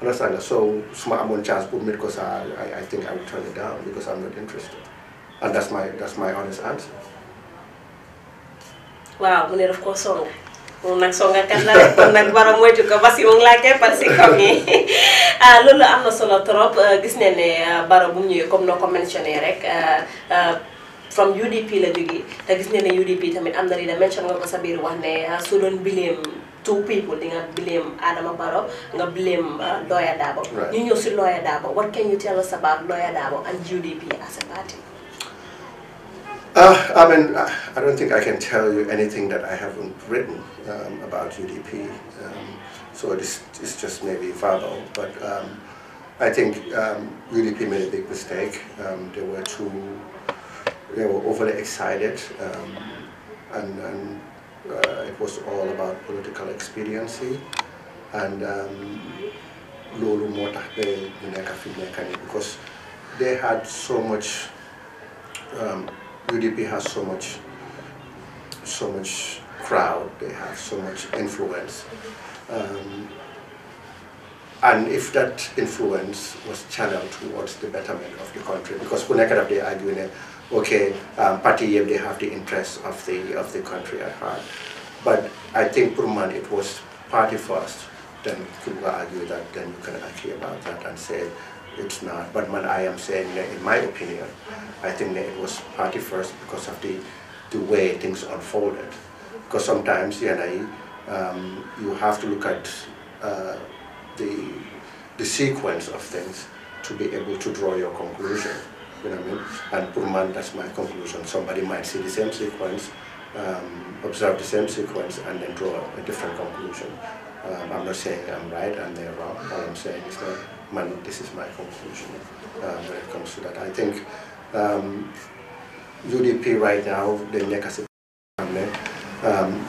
understand so smart amon chance put me because I, I I think I will turn it down because I'm not interested and that's my that's my honest answer wow munera of course songa moom nag soo nga kat la rek kon nag war a moytu ko basi mu ngi laa si kaw yi ah loolu am na solo trop eh, eh, eh, gis ne ne Barrow bu mu ñëwee comme noo ko mentionné rek from UDP la jógee te gis ne ne UDP tamit am na li da nga ko sa biir wax ne su doon bileem two people di nga blame Adama Barrow nga blame Lawyer Darboe ñu ñëw si Lawyer Darboe what can you tell us about Lawyer Darboe UDP a party Uh, I mean, I don't think I can tell you anything that I haven't written um, about UDP. Um, so it is, it's just maybe verbal. But um, I think UDP um, made a big mistake. Um, they were too, they were overly excited. Um, and, and uh, it was all about political expediency. And Lulu moo tax ba because they had so much UDP has so much, so much crowd, they have so much influence. Um, and if that influence was channeled towards the betterment of the country, because up, they argue in it, okay, um, party they have the interests of the of the country at heart. But I think Purman it was party first, then people argue that then you can argue about that and say it's not. But man, I am saying, in my opinion, I think that it was party first because of the, the way things unfolded. Because sometimes, you know, um, you have to look at uh, the, the sequence of things to be able to draw your conclusion. You know what I mean? And man, that's my conclusion. Somebody might see the same sequence, um, observe the same sequence, and then draw a different conclusion. Um, I'm not saying I'm right and they're wrong. All I'm saying is that my, this is my conclusion um, when it comes to that. I think um, UDP right now, they make us um,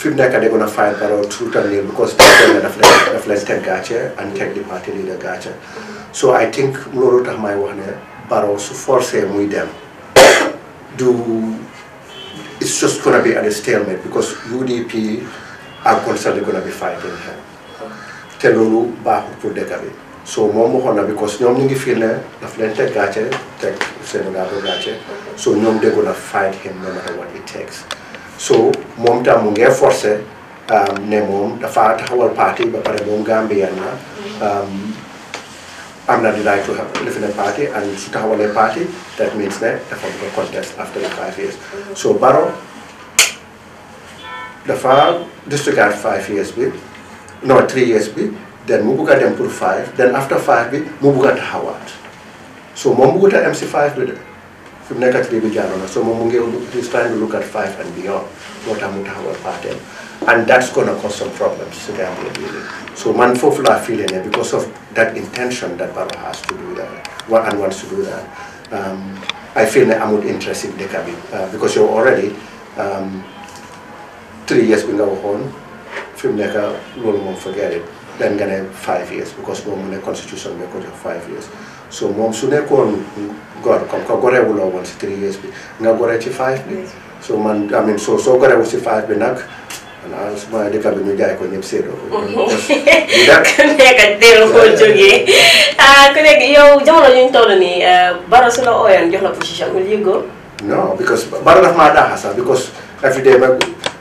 fim eh, um, they're gonna fight Barrow through Tanir because they're daf leen daf leen teg gàcce and take the party leader gàcce so I think loolu tax may wax ne Barrow su forcé muy dem du it's just gonna be at a stalemate because UDP alcohol certainly going to be fighting him. te loolu baaxul pour dëkk bi so moom waxoon na because ñoom ñu ngi fii ne daf leen teg gàcce teg Sénégal bu gàcce so ñoom they're going to fight him no matter what it takes so moom tam mu ngee forcé ne moom dafa taxawal parti ba pare moom Gambien na am na di right to have live in a party and su taxawalee parti that means ne dafa bëgg a contest after the five years so Barrow The district had five years be, non three years be. then mu bugg a dem five then after five be mu bugg a taxawaat so moom buggut a am five be. de fi mu nekk three bi jaaroon so moom mu ngi he's trying to look at five and beyond moo tax mu taxawal partem and that's gonna cause some problems si Gambia bi so man foofu laa feel ne because of that intention that Barrow has to do that what and wants to do that um, I feel that I'm amul interest si dëkk bi uh, because you're already um, three years bi nga waxoon fi mu nekk loolu moom forget it then nga ne five years because moom mu ne constitution bi ko jox five years so moom su nekkoon gor comme que gorewuloo woon so man I mean so gorewul si five bi nag ah su ma dëkk bi ñu jaay ko ñëpp séedoo ko. Mm-hmm. ku nekk teel koo jógee ah ku nekk yow jamono ñu ñu toll nii eh, Barrow su la ooyoon jox la position nga yëgoo. non because daf maa daaxa because every day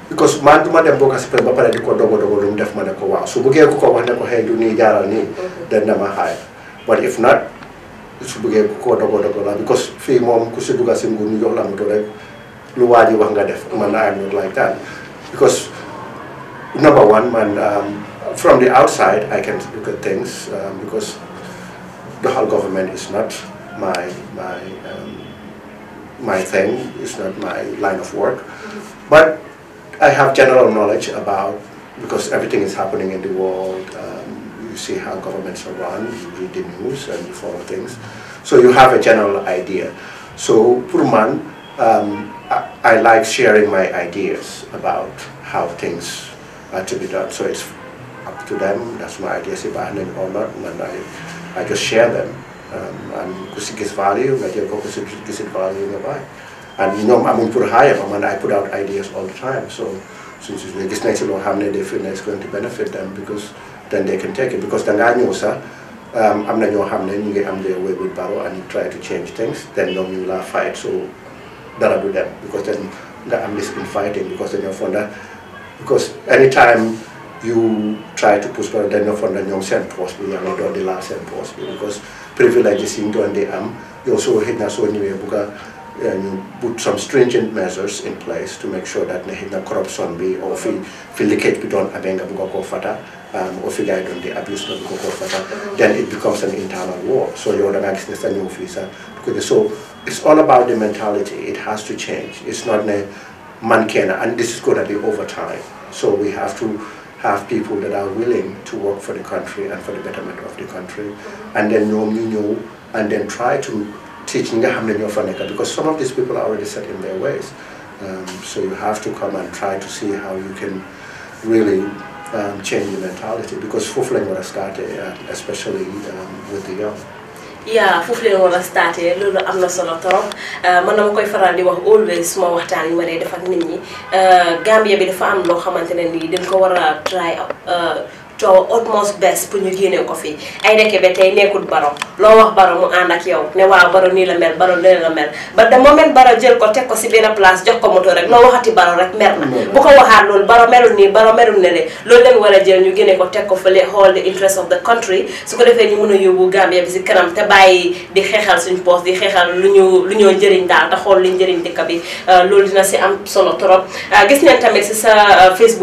because man duma dem bokk si ba pare di ko dogo dogo lu mu def ma ne ko waaw su bëggee ku ko wax ne ko xëy du nii jaaral nii dañ dama xaay but if not su bëggee ku ko dogo dogo la because fii moom ku si dugga si nguur ñu jox la moto rek lu waa ji wax nga def man I am not like that because number one man um, from the outside I can look at things um, because the whole government is not my my um, my thing it's not my line of work but I have general knowledge about, because everything is happening in the world, um, you see how governments are run, you read the news and you follow things. So you have a general idea. So Purman, um, I, I like sharing my ideas about how things are to be done. So it's up to them, that's my ideas if I have or not, and I, I just share them. Um, and kusik is value, ngayon ko kusik is value nga and you know, I'm in Purhaya, I mean, I put out ideas all the time. So since it's this next law, how many they feel it's going to benefit them because then they can take it. Because then I know, sir, um, I'm not your hamne, you get am way with Barrow and you try to change things, then no, you will fight. So that'll do them because then I'm been fighting because then you're fonder. Because anytime you try to push back, then you're fonder, you're sent post me, i not the last sent post because privileged is into and they am. You also hit that so anyway because uh, you put some stringent measures in place to make sure that the corruption be or fi fi leakage not abenga buko fata um, or fi guide on the abuse of buko fata mm-hmm. then it becomes an internal war so you to make next nesta new officer. so it's all about the mentality it has to change it's not a man can and this is going to be over time so we have to have people that are willing to work for the country and for the betterment of the country mm-hmm. and then you know and then try to Teaching nga xam ne ñoo fa nekk because some of these people are already set in their ways um, so you have to come and try to see how you can really um, change the mentality because foofu lañ war a starté uh, especially um, with the young Yeah, foofu leen war a starté loolu am na solo trop uh, man na koy faral di wax always suma waxtaan yi ma dee def ak nit ñi uh, Gambia bi dafa am loo xamante ne nii dañ ko war a try coow utmost best pour ñu génne ko fii ay nekk ba tey nekkul baro loo wax baro mu ànd ak yow ne waaw baro nii la mel baro nii la mel ba de moment baro jël baro rek baro melul nii baro melul ne de loolu leen war a jël ñu génne ko teg ko fële xool the interest of the country su ko defee ñu mën a yóbbu Gambia bi si kanam te bàyyi di xeexal suñ poos di xeexal lu lu ñoo njëriñ daal te xool lu njëriñ dëkk bi euh, loolu dina si am solo trop euh, gis neen tamit si sa euh,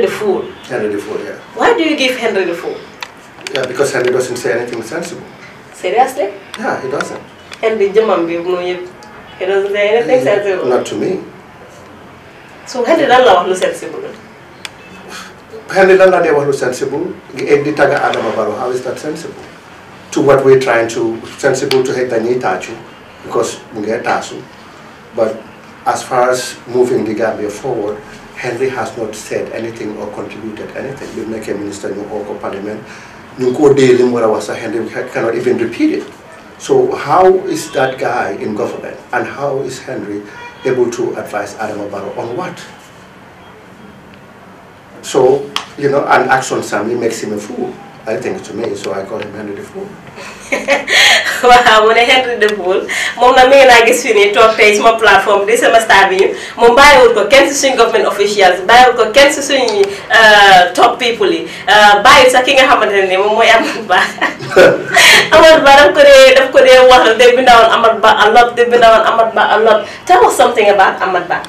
Henry the Fool. Henry the Fool, yeah. Why do you give Henry the Fool? Yeah, because Henry doesn't say anything sensible. Seriously? Yeah, he doesn't. Henry Jaman he doesn't say anything he, eh, sensible. Not to me. So Henry Lalla was sensible. Henry Lalla they were sensible. How is that sensible? To what we're trying to sensible to hate the Nitachu because we get But as far as moving the Gambia forward, Henry has not said anything or contributed anything You make a minister you go parliament you go koo dee li a wax Henry cannot even repeat it so how is that guy in government and how is Henry able to advise Adama Barrow on what so you know an Action Sammy makes him a fool I think to me so I call him Henry the fool waaw mu ne Henry Deadpool moom nag mi naa gis fii nii toog tey suma plateforme di sama star bi ñu moom bàyyiwul ko kenn si suñ government officials bàyyiwul ko kenn si suñ euh, top people yi euh, bàyyiwul sax ki nga xamante ne ni moom mooy Amadou Ba Amadou Ba daf ko dee daf ko dee wax de bindawoon Amadou Ba a lot de bindawoon Amadou Ba a lot tell us something about Amadou Ba.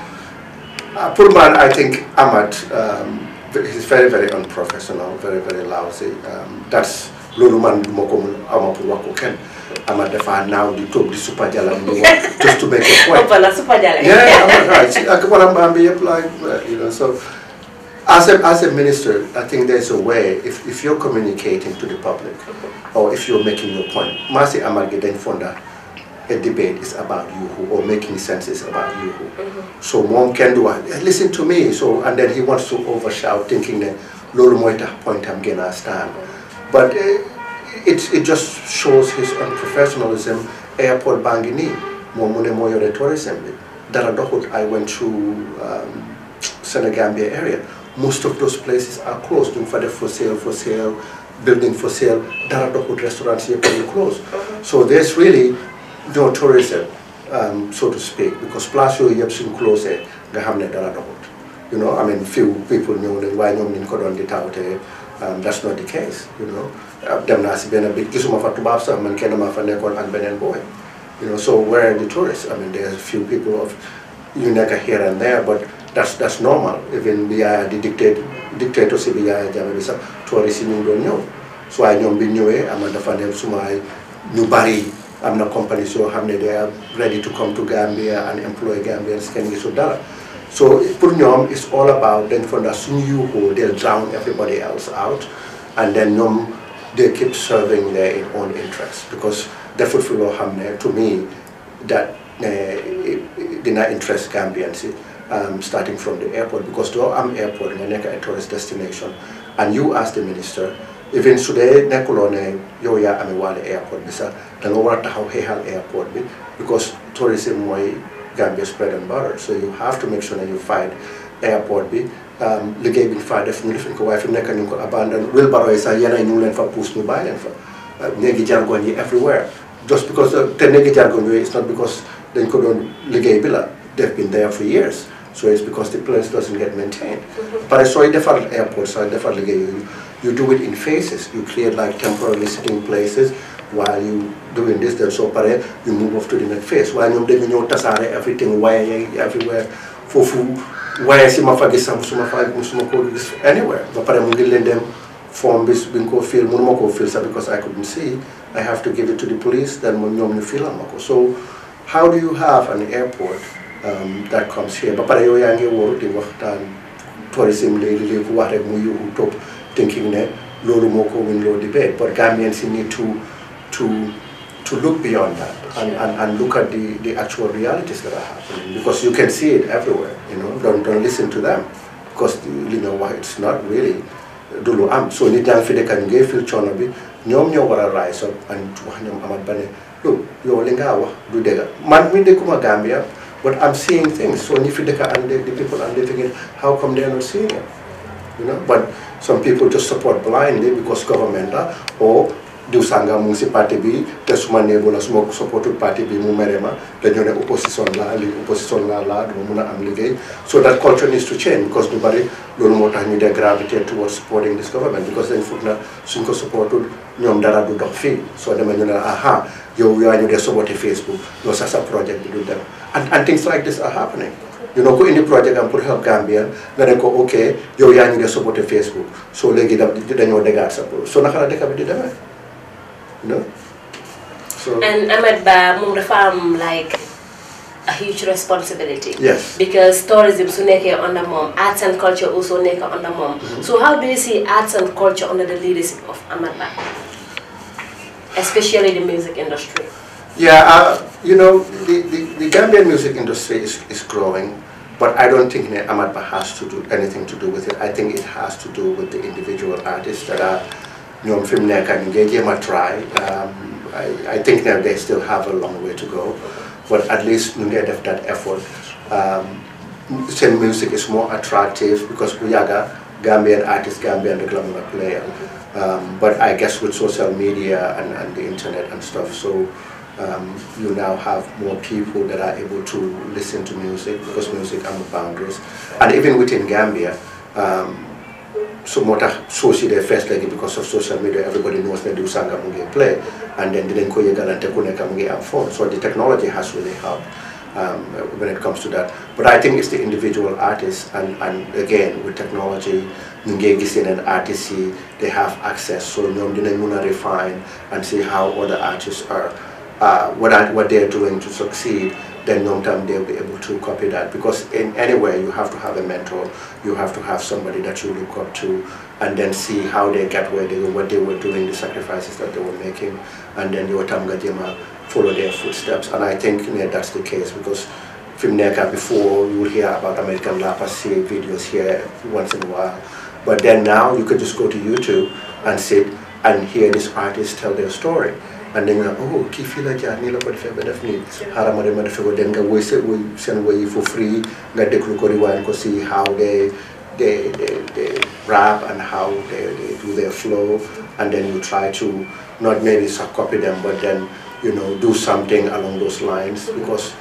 Ah, pour man I think Amadou. Um, he's very very unprofessional very very lousy um, that's loolu man du ma ko mun ama pour I'm at the Dafa now di toog di Super Jallow just to make a point. ëpp oh, na Super Jallow. Eh? yeah Amad right ak Warambaam bi yëpp laay you know so. As a, as a minister, I think there's a way, if, if you're communicating to the public, or if you're making your point, Masi Amarge then Fonda, a debate is about you who, or making sense is about you who. Mm-hmm. So mom can do it, listen to me, so, and then he wants to overshout, thinking that, lolo moita point I'm gonna stand. Mm-hmm. But uh, it, it just shows his unprofessionalism airport bangini mo mune moyo re tourism dara dohut i went to um, senegambia area most of those places are closed doing for the for sale for sale building for sale dara dohut restaurants here can closed so there's really no tourism um, so to speak because place yooyu yëpp closed, closé eh, have xam ne dara doxut you know i mean few people know that why ñoom niñ ko it di taawtee um, that's not the case you know dem si benn bi gisuma fa tubaab sax man kenn maa fa nekkoon ak beneen you know so where are the tourists I mean there's few people of yu nekk here and there but that's that's normal even bi yaaya di dictate dictator si bi yaaya jaame bi sax tourist yi ñu doon ñëw so waaye ñoom bi ñëwee ama dafa ne eh? suma ay ñu bari am na companies yoo xam ne they are ready to come to Gambia and employ Gambians kenn gisul dara So pour ñoom it's all about dañ fa ndax suñu yuuxoo they'll drown everybody else out and then ñoom um, they keep serving their own interests because the fulfillo hamne to me that uh, deny interest Gambians um, starting from the airport because though I'm airport in a tourist destination and you as the minister even today nekulone yoya amiwale airport bisa dangowara tahaw hehal airport because tourism way Gambia spread and butter so you have to make sure that you find airport be um, liggéey bi ñu faa def ñu defuñ ko waaye fi mu nekk ñu ko abandon Wilbaroo yi sax yenn yi ñu ngi leen fa pousse ñu bàyyi leen fa uh, néegi jargoñ yi everywhere just because uh, te néegi jargoñ yooyu it's not because dañ ko doon liggéey bi la they've been there for years so it's because the place doesn't get maintained mm-hmm. pare sooy defar airport sooy defar liggéey yooyu you do it in phases you create like temporary sitting places while you doing this then so pare you move off to the next phase waaye ñoom dañu ñëw tasaare everything wire everywhere food. waaye si ma fa gis sax ma fa musuma koo gis anywhere ba pare mu ngi leen dem form bi bi nga koo fiil ma koo fiil sax because I couldn't see I have to give it to the police then moom ñoom ñu fiilal ma ko so how do you have an airport um, that comes here ba pare yow yaa ngi wóoru di waxtaan tourism léegi léegi ku wax rek mu yuuxu topp thinking ne loolu moo ko win loo di bee but Gambians need to to to look beyond that and, and, and look at the, the actual realities that are happening because you can see it everywhere you know don't, don't listen to them because the, you know why it's not really uh, dulu am so ni dan fi dekan ngay fil chono bi ñom ñoo wara rise up and wax ñom amat bané lu yow li nga wax du dega man mi dekuma gambia but i'm seeing things so ni fi dekka and the people and living thinking how come they're not seeing it you know but some people just support blindly because government ah, or diw sàngam mu ngi si parti bi te su ma nee wala su ma supportul parti bi mu mere ma dañoo ne opposition laa li opposition laa laa duma mun a am liggéey so that culture needs to change because ñu bëri loolu moo tax ñu dee gravitate towards supporting this government because dañ foog na suñ ko supportul ñoom dara du dox fii soo demee ñu ne aha yow yaa ñu dee saboté Facebook yow sax sa projet bi du dem and and things like this are happening you ko indi projet am pour help Gambia nga ne ko ok yow yaa ñu dee saboté Facebook soo léegi dañoo dégaat sa so naka di demee and Ahmed Ba moom dafa am like a huge responsibility. yes because tourism su nekkee under moom arts and culture also nekk under moom. Mm-hmm. so how do you see arts and culture under the leadership of Ahmed Ba especially the music industry. Yeah, uh, you know, the, the, the, Gambian music industry is, is growing, but I don't think Ahmad Ba has to do anything to do with it. I think it has to do with the individual artists that are ñoom fi mu nekk ñu ngi a try um, I think now they still have a long way to go but at least we ngi that effort um, seen music is more attractive because have a Gambian artists Gambian rek player. Um, but I guess with social media and and the internet and stuff so. Um, you now have more people that are able to listen to music because music the boundaries. And even within Gambia, um, so much tax suuf yi day because of social media everybody knows they do sànga mu play and then dinañ ko yëgalante ku nekk mu ngi am phone so the technology has really helped um, when it comes to that but I think it's the individual artists, and and again with technology ñu ngee gis yeneen they have access so ñoom dinañ mun a refine and see how other artists are uh, what, what they're doing to succeed then sometimes they'll be able to copy that because in anywhere you have to have a mentor you have to have somebody that you look up to and then see how they get where they were what they were doing the sacrifices that they were making and then your tamgajima follow their footsteps and i think that's the case because from before you will hear about american lapa see videos here once in a while but then now you could just go to youtube and sit and hear this artist tell their story and then, oh kii fii la jaar nii la ko defee ba def nii xaaral ma dem ma defee ko den nga woy seen woy seen woy for free nga déglu ko riwaan ko si how they they they they rap and how they they do their flow and then you try to not maybe copy them but then you know do something along those lines because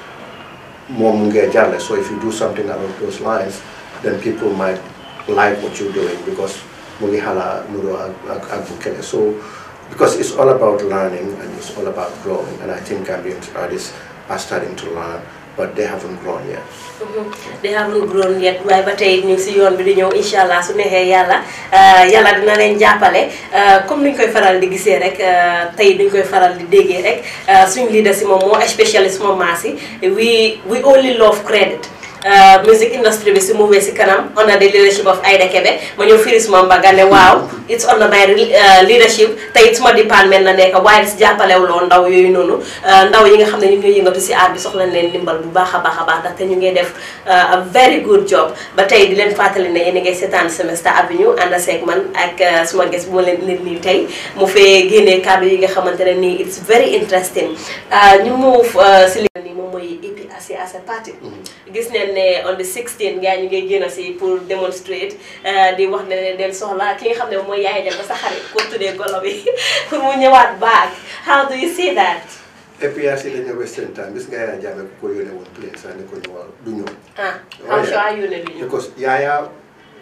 moom ngay jàlle so if you do something along those lines then people might like what you're doing because mu ngi xala nuroo ak ak bu kele so because it's all about learning and it's all about growing. And I think Gambian artists are starting to learn, but they haven't grown yet. they haven't grown yet waaye ba tey ñu ngi si yoon bi di ñëw incha allah su neexee yàlla euh, yàlla dina leen jàppale euh, comme ni ñu koy faral di gisee rek euh, tey duñ koy faral di déggee rek suñu leader si moom moo spécialiste moom we we only love credit. Euh, music industry bi si movie si kanam under the leadership of Aida Kebe ma ñëw firis moom ba nga ne waaw it's under my uh, leadership te it suma department la nekk waaye si jàppalewuloo ndaw yooyu noonu uh, ndaw yi nga xam ne ñu ngi yëngatu si aar bi soxla leen ndimbal bu baax a baax a baax ndaxte ñu ngi def uh, a very good job ba tey di leen fàttali ne yéen a ngay seetaan Semester Avenue ànd man ak suma ges bu ma leen nit nii tey mu fee génnee kàddu yi nga xamante ne nii it's very interesting ñu move moom mooy EPRC a party mm-hmm. gis neen on the 16th, gars ñu ngi génn si pour démonstrate euh, di wax ne ne del soxla ki nga xam ne yaay dem ba sa ko tuddee golo pour mu ñëwaat back how do you see that. APRC dañoo western time bis nga Yaya Jammeh ko yónnee woon plane sax ne ko ñëwal du ñëw. ah oh, sure ay yónnee because ya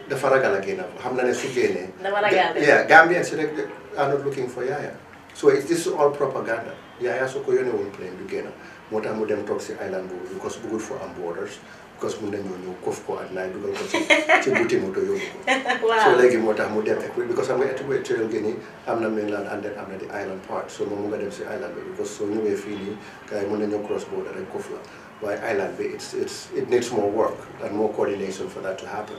dafa ragal a génn xam na ne su ragal rek are not looking for Yaya so is all propaganda Yaya su ko yónnee woon to du génn moo mu dem toog island boobu because bëggul for am borders because mun nañoo ñëw kof ko at naay dugal ko ci ci buti moto yóbbu so léegi moo tax mu dem ek because xam nga eti etuel gi nii am na mainland and then am na di island part so moom mu nga dem si island bi because so ñëwee fii nii gars yi mun nañoo cross border rek kof la waaye island bi it's it's it needs more work and more coordination for that to happen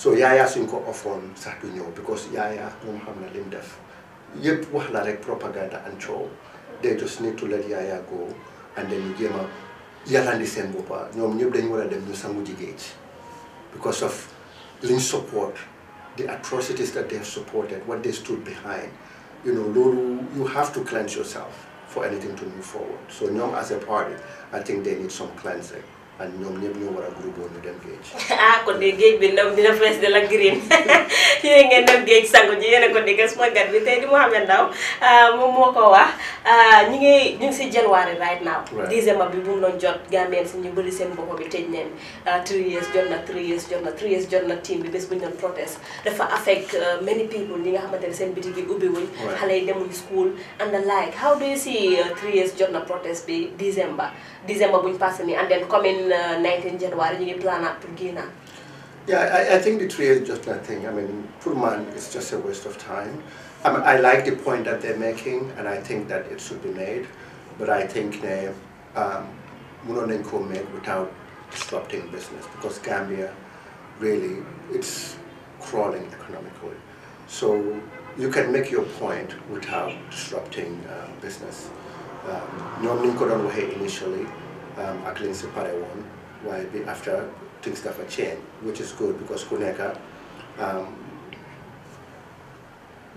so yaayaa suñ ko offoon sax du ñëw because yaayaa moom xam na lim def yëpp wax la rek propaganda and show, they just need to let yaayaa go and then ñu jéem a yarandi seen boppa ñoom ñëpp dañu war a dem ñu sangu ji because of liñ support the atrocities that they have supported what they stood behind you know loolu you have to cleanse yourself for anything to move forward so ñoom as a party I think they need some cleansing ak ñoom ñëpp a groupé ñu dem géej. ah kon géej bi ndaw dina fees de la green yéen ngeen dem géej sangu ji yéen a ko dégg suma bi tey di Mouhamed Ndaw ah, moom moo ko wa ah, ñu ngi ñu ngi si January right now. waaw décembre bi bu mu doon jot Gambien si ñu bëri seen bopp bi tëj neen 3 ah, years jot na 3 years jot na 3 years jot na team bi bés bu ñu doon protest dafa affect many people ñi nga xamante ne seen bitig yi ubbi wuñ. xale yi demuñ school and the like how do you see 3 years jot na protest bi décembre décembre bu ñu passé nii and then 19 January, you plan up to Guinea? Yeah, I, I, think the trade is just nothing. I mean, Pullman is just a waste of time. I, mean, I like the point that they're making, and I think that it should be made, but I think they um, could make without disrupting business because Gambia really it's crawling economically. So you can make your point without disrupting uh, business. Um, Nyom Ninko initially um, at least in Pare 1, why after things have change, which is good because Kuneka, um,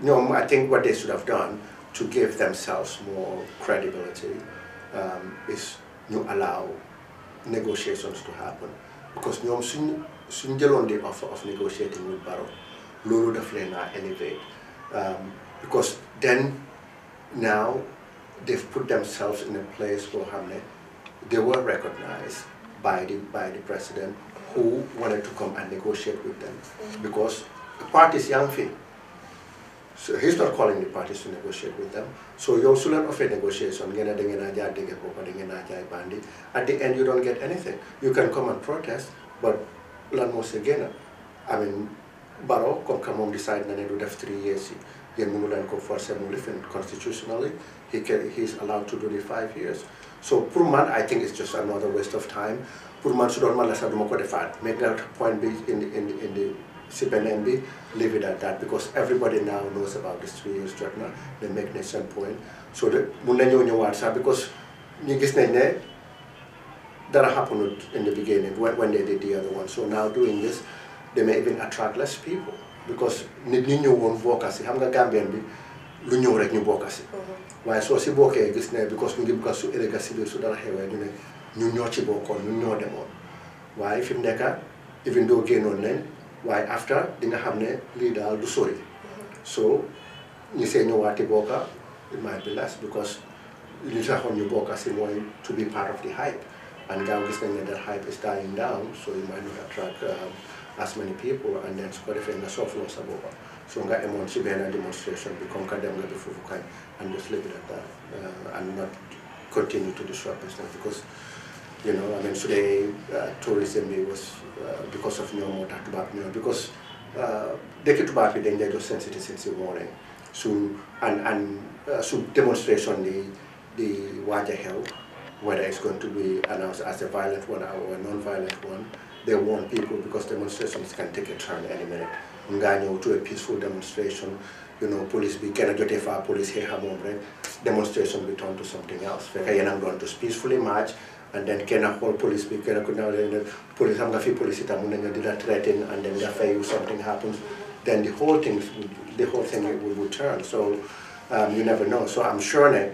you know, I think what they should have done to give themselves more credibility um, is you know, allow negotiations to happen. Because ñoom suñ suñ on the offer of negotiating with Barrow Lulu the leen naa elevate um, because then now they've put themselves in a place for Hamlet they were recognized by the, by the president who wanted to come and negotiate with them mm-hmm. because the party is young thing. So he's not calling the parties to negotiate with them. So you also still of a negotiation. At the end, you don't get anything. You can come and protest, but lan mo again. I mean, baro come on decide na do def three years. Yen munu ko force mo constitutionally. He can, he's allowed to do the five years. So Purman, I think, is just another waste of time. Purman should not lesa dumako defat. Make that point be in the, in the, in the CPNMB, leave it at that because everybody now knows about this three-year now. They make same point. So the muna nyo nyo warsa because you that happened in the beginning when, when they did the other one. So now doing this, they may even attract less people because nit ñi ñëwoon vocation xam nga Gambien Be, lu ñëw rek ñu bokk si. Mhm. waaye soo si bokkee gis ne because ñu ngi bugg a su ëllëg si biir su dara xewee ñu ne ñun ñoo ci bokkoon ñun ñoo demoon waaye fi mu nekk even though génnoon nañ waaye after di nga xam ne lii daal du sori. Mhm. so ñu see ñëwaati bokka it might be less because li taxoon ñu bokka si mooy to be part of the hype and gaaw gis nañ ne that hype is dying down so you might not attract um, as many people and then su ko defee nga sofloo sa boppa so to be si the demonstration bi comme que dem nga ba foofu kañ and just leave it at that uh, and not continue to disrupt business because you know I mean today uh, tourism was uh, because of no moo tax tubaab because they tubaab yi dañ lay jox seen citizen si warning So, and and so, demonstration the the waaj a whether it's going to be announced as a violent one or a non-violent one they warn people because demonstrations can take a turn any minute nga to a peaceful demonstration you know police be kenn jotee fa police he moom rek demonstration be turn to something else fekk yéen a ngi to peacefully march and then kenn xool police be kenn ku ne leen police xam nga fi police itam mun did di threaten and then nga fay something happens then the whole thing the whole thing will, will turn so um, you never know so I'm sure ne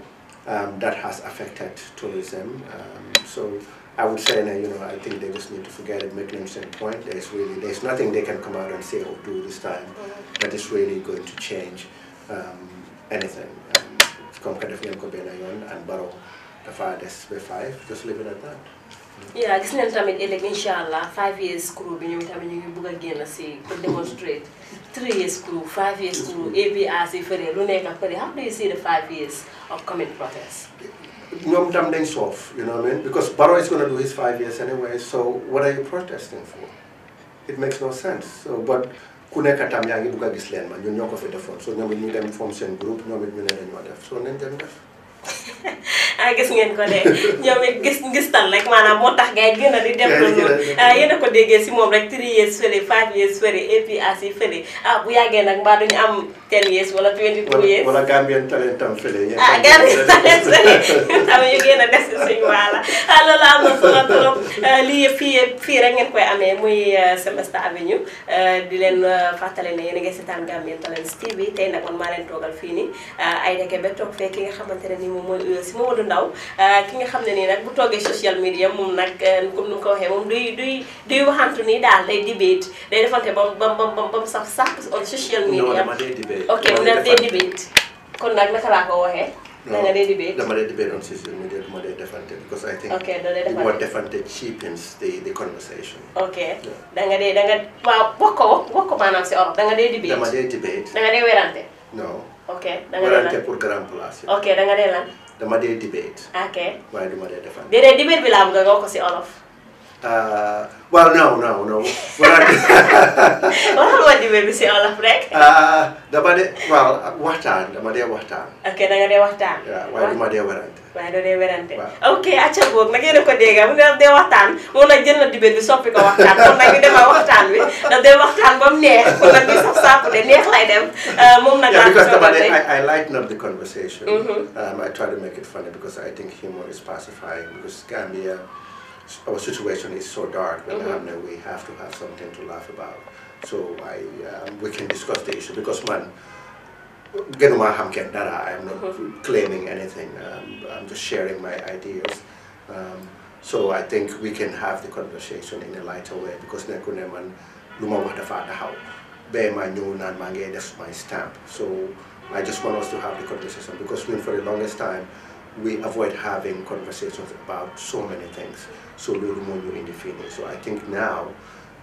um, that has affected tourism um, so I would say you know, I think they just need to forget it, make an interesting point. There's really, there's nothing they can come out and say or do this time that is really going to change um, anything. Comka def ngeen ko benn yoon and baro dafa des five just leave it at that. yaa I nañu tamit ëllëg incha allah five years crew bi ñoom tamit ñu ngi bugg a génn see. pour demonstrate three years crew five years crew ABRC If lu nekk a fële how do you see the five years of coming protests? Nyom Tam Deng Sof, you know what I mean? Because Baro is going to do his five years anyway, so what are you protesting for? It makes no sense. So, but ku nekk tam yaa ngi bugg a gis leen ma ñun ñoo ko fi defoon so ñoom it ñu dem form seen groupe ñoom it ñu ne dañoo def so nañ dem def ah gis ngeen ko de ñoom it gis ngistal rek maanaam moo tax gars gën a di dem loolu ah yéen a ko déggee si moom rek three years fële five years fële et puis as yi fële ah bu yàggee nag mbaa duñu am ten years wala twenty two years wala Gambien talent tam fële ah Gambien talent fële tam yu gën a des si suñu waala ah loolu am na solo trop lii yëpp fii yëpp fii rek ngeen koy amee muy semestre Avenue di leen fàttali ne yéen a ngi seetaan Gambian Talents TV tey nag man maa leen toogal fii nii ay deke ba toog fee ki nga xamante ne nii moom mooy si Mamadou euh, ki nga xam ne nii nag bu toogee social media moom nag euh, comme ni nga ko waxee moom duy duy duy waxantu nii daal day debate day defante ba mu ba mu ba mu sax sax on social media. non ok ne da nga dee debate dama on social media dama dee defante because I think. ok da dee defante defante cheapens da nga da nga waaw bokk ko bokk ko maanaam si olof da nga dee debate. dama dee debate ok da nga ne lan pour grand place. ok da nga ne lan. dama dee debate. ok waaye du ma dee defar. déedéet debate bi laa bëgg nga wax ko si olof. Uh, well, no, no, no. waxal woon di mel ni si olof rek. dama de waaw waxtaan dama dee waxtaan. ok danga dee waxtaan. waaw waaye duma dee werante. waaye doo dee werante. waaw ok acca boog nag yéen a ko dégg mu ne daf dee waxtaan mu nag jël na dibéen bi soppi ko waxtaan kon nag ñu demal waxtaan bi daf dee waxtaan ba mu neex kon nag ñu sax saaku de neex lay dem. Uh, moom nag laa because dama de I lighten up the conversation. Mm-hmm. Um, I try to make it funny because I think humor is pacifying because Gambia. our situation is so dark but mm -hmm. we have to have something to laugh about. So I, um, we can discuss the issue because man, genuma hamken I'm not mm -hmm. claiming anything. Um, I'm just sharing my ideas. Um, so I think we can have the conversation in a lighter way because nekuneman luma wada father how. Be my new nan mange that's my stamp. So I just want us to have the conversation because we for the longest time we avoid having conversations about so many things so little moo in the field. so I think now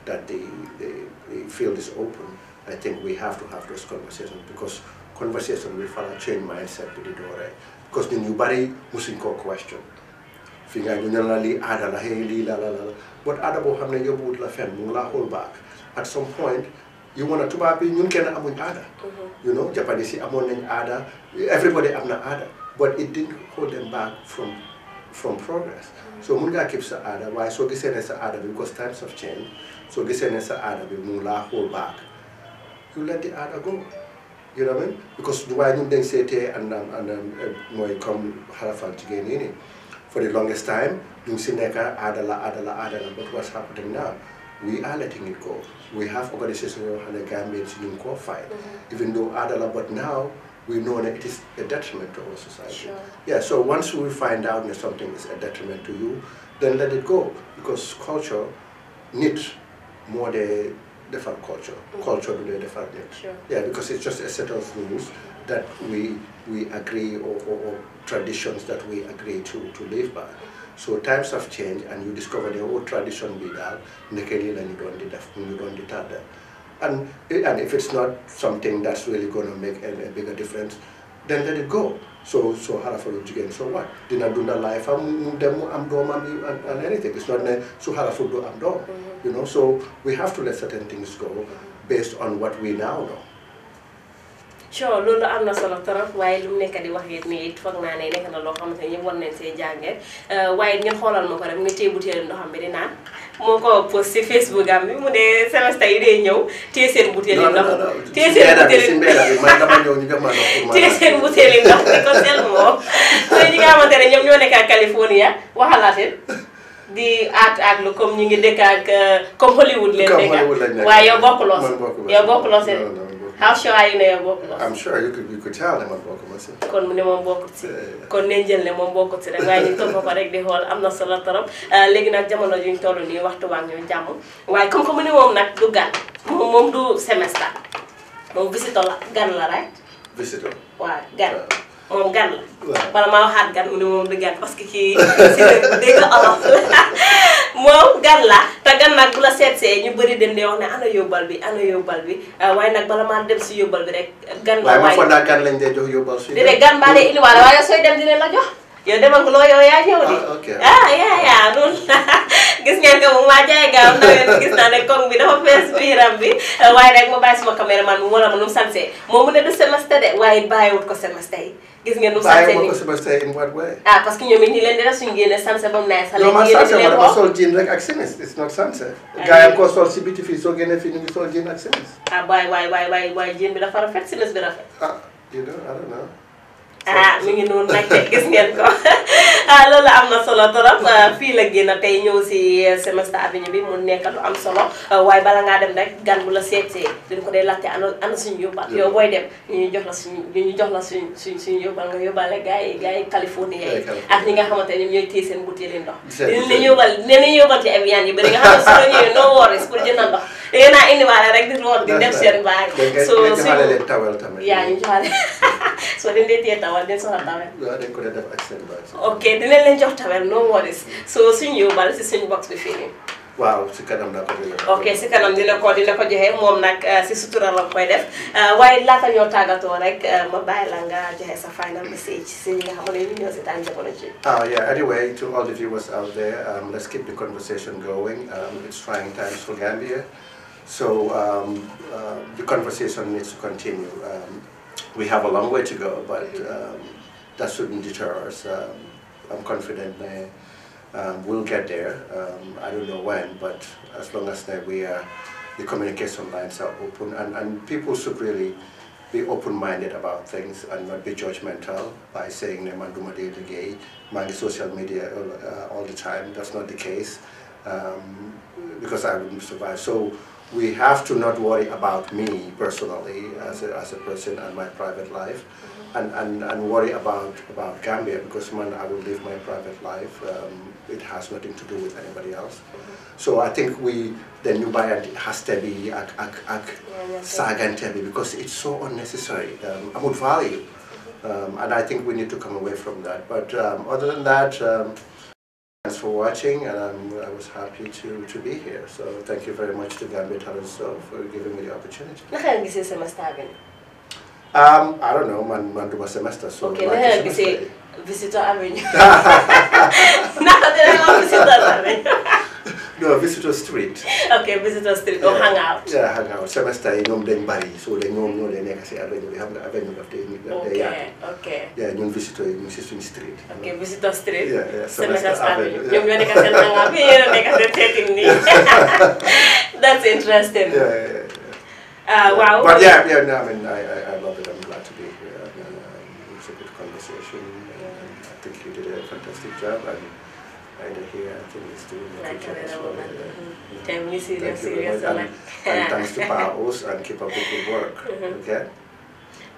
that the the the field is open I think we have to have those conversations because conversation will finally change mindset bi di doore because the new bari musuñ question fi you ñu not la lii aada la hey lii la la la but ada boo xam ne yóbbuwut la hold back at some point you wanna tubaab bi ñun kenn amuñ ada. Mm-hmm. you know Japanese yi amoon nañ everybody am na but it didn't hold them back from from progress so mun ngaa keep sa So waaye soo gisee ne sa ada because times have changed So gisee ne sa ada bi mu hold back you let the ada go you know what I mean because waaye ñun dañ seetee andam andam mooy comme xarafal jigéen ñi nii for the longest time ñu ngi si ada la ada la ada. la but what's happening now we are letting it go we have organisations who have the Gambians ñu ngi koo fight even though ada la but now we know that it is a detriment to our society. Sure. Yeah, so once we find out that something is a detriment to you, then let it go because culture needs more the different culture, mm -hmm. culture to the different needs. Sure. Yeah, because it's just a set of rules that we we agree or, or, or traditions that we agree to, to live by. So times have changed and you discover the old tradition be that, nekeli la ni don di daf, ni and, eh, and if it's not something that's really going to make a, a bigger difference, then let it go. So so harafalo jigen so what? Dina dunda life am um, demu am dom and anything. It's not ne so harafalo do am um, dom. Mm-hmm. You know, so we have to let certain things go based on what we now know. sure lolo am na solo trop waaye lu mu nekk di wax yéen nii it foog naa ne nekk na loo xamante ne ñëpp war nañ see jàngee eh, waaye ñu xoolal ma ko rek mu ngi téye butéelu ndoxam bi di naan. moo ko post ci Facebook am bi mu ne Sélestin yi day ñëw téye seen butéeli ndox. téye seen butéeli non man dama ñëw ñu jox ma ndox pour ma. téye seen butéeli ndox di ko sel moo. te ñi nga xamante ne ñoom ñoo nekk ak California waxalaatin di aat aat lu comme ñu ngi dëkk ak euh, comme Hollywood. leen dëkk waaye yow bokkuloo si. yow bokkuloo si how sure are you ne yow bokkul I'm kon mu ne moom bokkul si. kon neen jël ne moom bokkul si rek waaye ñu topp ko rek di xool am na solo trop euh, léegi nag jamono ji ñu toll nii waxtu waa ngi jàmm waaye comme que mu ne moom nag du gan moom moom du semestre moom visitor la gan la right. visitor waaw gan. moom gan la. bala maa waxaat gan mu ne moom du gan parce que kii si dégg nga olof mom gan la ta gan nak bu la seetsee ñu bari dañ dee wax ne ana yóbbal bi ana yóbbal bi ah, way nak bala ma dem si yóbbal bi rek gan waaye way fa naa gan lañ dee jox yóbbal ci dee gan baa indi wala way soy dem dina la jox yo demal ko lo yo ya ñew di ah ya ya, noonu gis ngeen ko moom maa jaay gaaw ngeen gis na né kong bi dafa fess biram bi way rek mo bay suma cameraman bi wala la ma nu mo mu né du semestre dé way bayiwut ko semestre yi gis ngeen nu sanse in what way. ah parce que ñoom it ñu leen di def suñu génne sanse ba mu neex. xale yi ñu leen di ma sol it's not sanse. Ah, gaa yi ko sol si biti fii soo génnee fii ah why, why, why, why, why? jean bi dafa rafet simis bi ah, you know I don't know. ah mi ngi noonu nag gis ngeen ko ah loolu ah, am solo trop ah, fii la génn tey ñëw si Semester Avenue bi mu nekk lu am solo waaye bala ngaa dem rek gan bu la seetee dañ ko dee laajte ana suñu yóbbal yow booy dem ñu jox la suñu ñu jox la suñ suñu yóbbal nga yóbbaale gars yi Californie ak ñi nga seen ndox la ci yi bari nga xam no worries pour jënd ndox dangeen naa indiwaale rek di root di def seen baag so suñu yaa ñu joxale so dañ dee wala del soxla tawel waaw dañ ok dinañ leen jox no worries so suñu yóbbal si suñu box bi fii nii waaw si kanam laa ko dina ok si kanam dina ko dina ko joxe moom nag si sutura la koy def waaye laata ñoo tàggatoo rek ma bàyyi la nga joxe sa final message si ñi nga xam ne ñu ñoo si daan jamono ji. ah yeah anyway to all the viewers out there um, let's keep the conversation going um, it's trying times for Gambia so um, uh, the conversation needs to continue. Um, we have a long way to go, but um, that shouldn't deter us. Um, I'm confident that um, we'll get there. Um, I don't know when, but as long as that we are, the communication lines are open, and, and people should really be open-minded about things and not be judgmental by saying them and do the gay, mind the social media all, uh, all the time. That's not the case um, because I wouldn't survive. So we have to not worry about me personally as a, as a person and my private life mm-hmm. and, and, and worry about, about Gambia because when I will live my private life. Um, it has nothing to do with anybody else. Mm-hmm. So I think we, the new buyer has to be ak, ak, ak sagantebi because it's so unnecessary. Um, I would value. Mm-hmm. Um, and I think we need to come away from that. But um, other than that, um, Thanks for watching and I'm, i was happy to, to be here. So thank you very much to Gambia Talent Show for giving me the opportunity. Naka nga gisee semester Um, I don't know, man, man duma semester. So okay, naka nga gisee visitor avenue? Naka dina nga visitor avenue? no visitor street. ok visitor street doo hang out. yeah hang out semester you ñoom dañ bari soo so ñoom ñoo dee nekk they avenue bi xam nga avenue daf day. daf ok Yeah, ñun visitor yi ñu si suñu street. ok visitor street. semester avenue ñoom ñoo nekk seen hangout Yeah. Yeah. Yeah. nekk Yeah. setting that's uh, interesting. waaw. but yeah yeah no, I mean I, I, I love it I'm glad to be here and, uh, it was a good conversation and, and I think you did a fantastic job and, kind of here and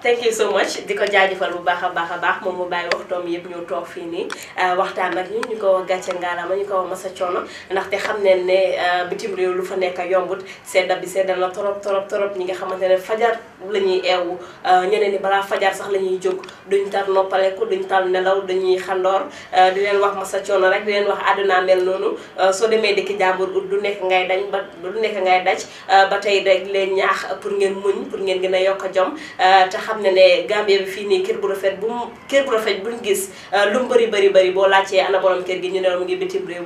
thank you so much di ko jaajëfal bu baax a baax a baax moom mu bàyyi waxtoom yëpp ñu toog fii nii ah, waxtaan ak ñun ñu ko wax gàcce ngaalaama ñu ko wax masa coono ndaxte xam ne ne ah, bitim réew lu fa nekk yombut sedda bi sedda na torop torop torop ñi nga xamante ne fajar la ñuy eewu euh, ñeneen ñi balaa fajar sax la ñuy jóg duñ tal noppaleku duñ tal nelaw dañuy xandoor euh, di leen wax masa coono rek di leen wax àdduna euh, soo demee dëkk jàmbur du nekk ngay dañ ba du nekk ngay daj ba tey rek leen ñaax pour ngeen muñ pour ngeen gën a yokk a jom te xam ne fii nii kër bu rafet bu mu kër bu rafet lu mu bëri bëri boo laajtee ana borom kër ñu ne mu ngi bitim réew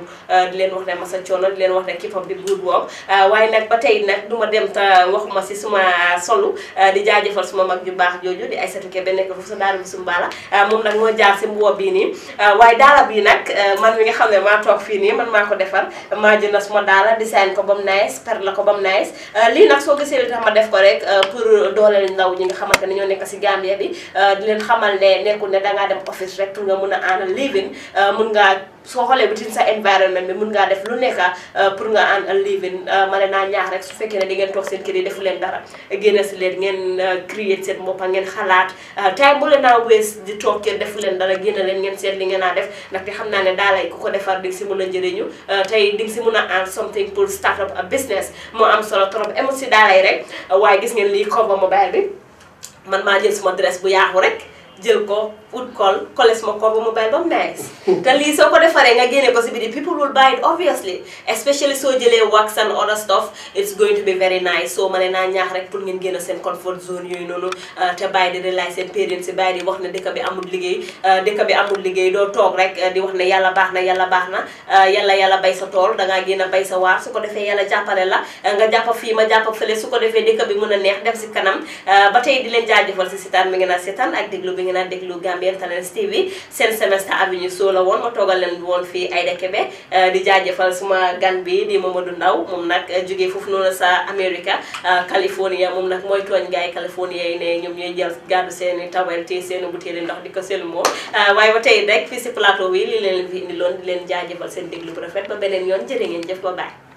di leen wax ne masa coono di leen wax ne keep up the good work waaye nag ba tey nag du ma dem te waxuma si suma solu di jaajëfal suma mag ju baax jooju di Aysatu Kebe nekk foofu sa daara bi Sumbala ah, moom nag moo jaar si mbubb bii nii ah, waaye daala bii nag ah, man mi nga xam ne ma toog fii nii man maa ko defar maa jënd na suma daala design ko ba mu nice per la ko ba mu nice lii nag soo gisee li tax ma def ko rek pour dooleel ndaw ñi nga xamante ne ñoo nekk si Gambia bi di leen xamal ne nekkul ne dangaa dem office rek pour nga mun a aana living mun nga soo xoolee bitin sa environnement bi mun ngaa def lu nekk euh, pour nga an a living euh, ma ne naa ñaax rek su fekkee ne di ngeen toog seen kër yi defu leen dara génn si leen ngeen euh, create seen ngeen xalaat time bu leen naa wees di defu leen dara génn leen ngeen seet li ngeen naa def ndaxte xam naa ne daalay ku ko defar di nga si mun a njëriñu tey di nga si mun a an something am solo trop emu si daalay rek waaye gis ngeen lii cover mobile bi man maa jël suma dress bu yaaxu rek jël ko ut kool koles ma ko ba mu bay ba mu nice te lii soo ko defaree nga génne ko si biti people will buy obviously especially soo jëlee wax and other stuff it's going to be very nice soo ma ne naa ñaax rek pour ngeen génn seen comfort zone yooyu noonu uh, te bàyyi di relay seen parents si bàyyi di wax ne dëkk bi amul liggéey uh, bi amul liggéey doo toog rek uh, di wax ne yàlla baax na yàlla baax na yàlla yàlla bay sa tool dangaa génn bay sa waar su ko defee yàlla jàppale la nga jàpp fii ma su ko defee dëkk bi mën a neex def ngi naan déglu Gambian Talents TV seen semester avenue soo la woon ma toogal leen woon ay Aida Kebe di jaajafal suma gan bi nii di Mamadou Ndaw moom nag jógee foofu noonu sa America eh, California moom nag mooy tooñ gars yi California yi ne ñoom ñooy jël gàddu seen i tawel te seen butéeli ndox di ko seen moom eh, waaye ba tey rek fii si plateau bi li leen fi indi leen jaajëfal seen déglu bu rafet ba beneen yoon jërë ngeen jëf ba baay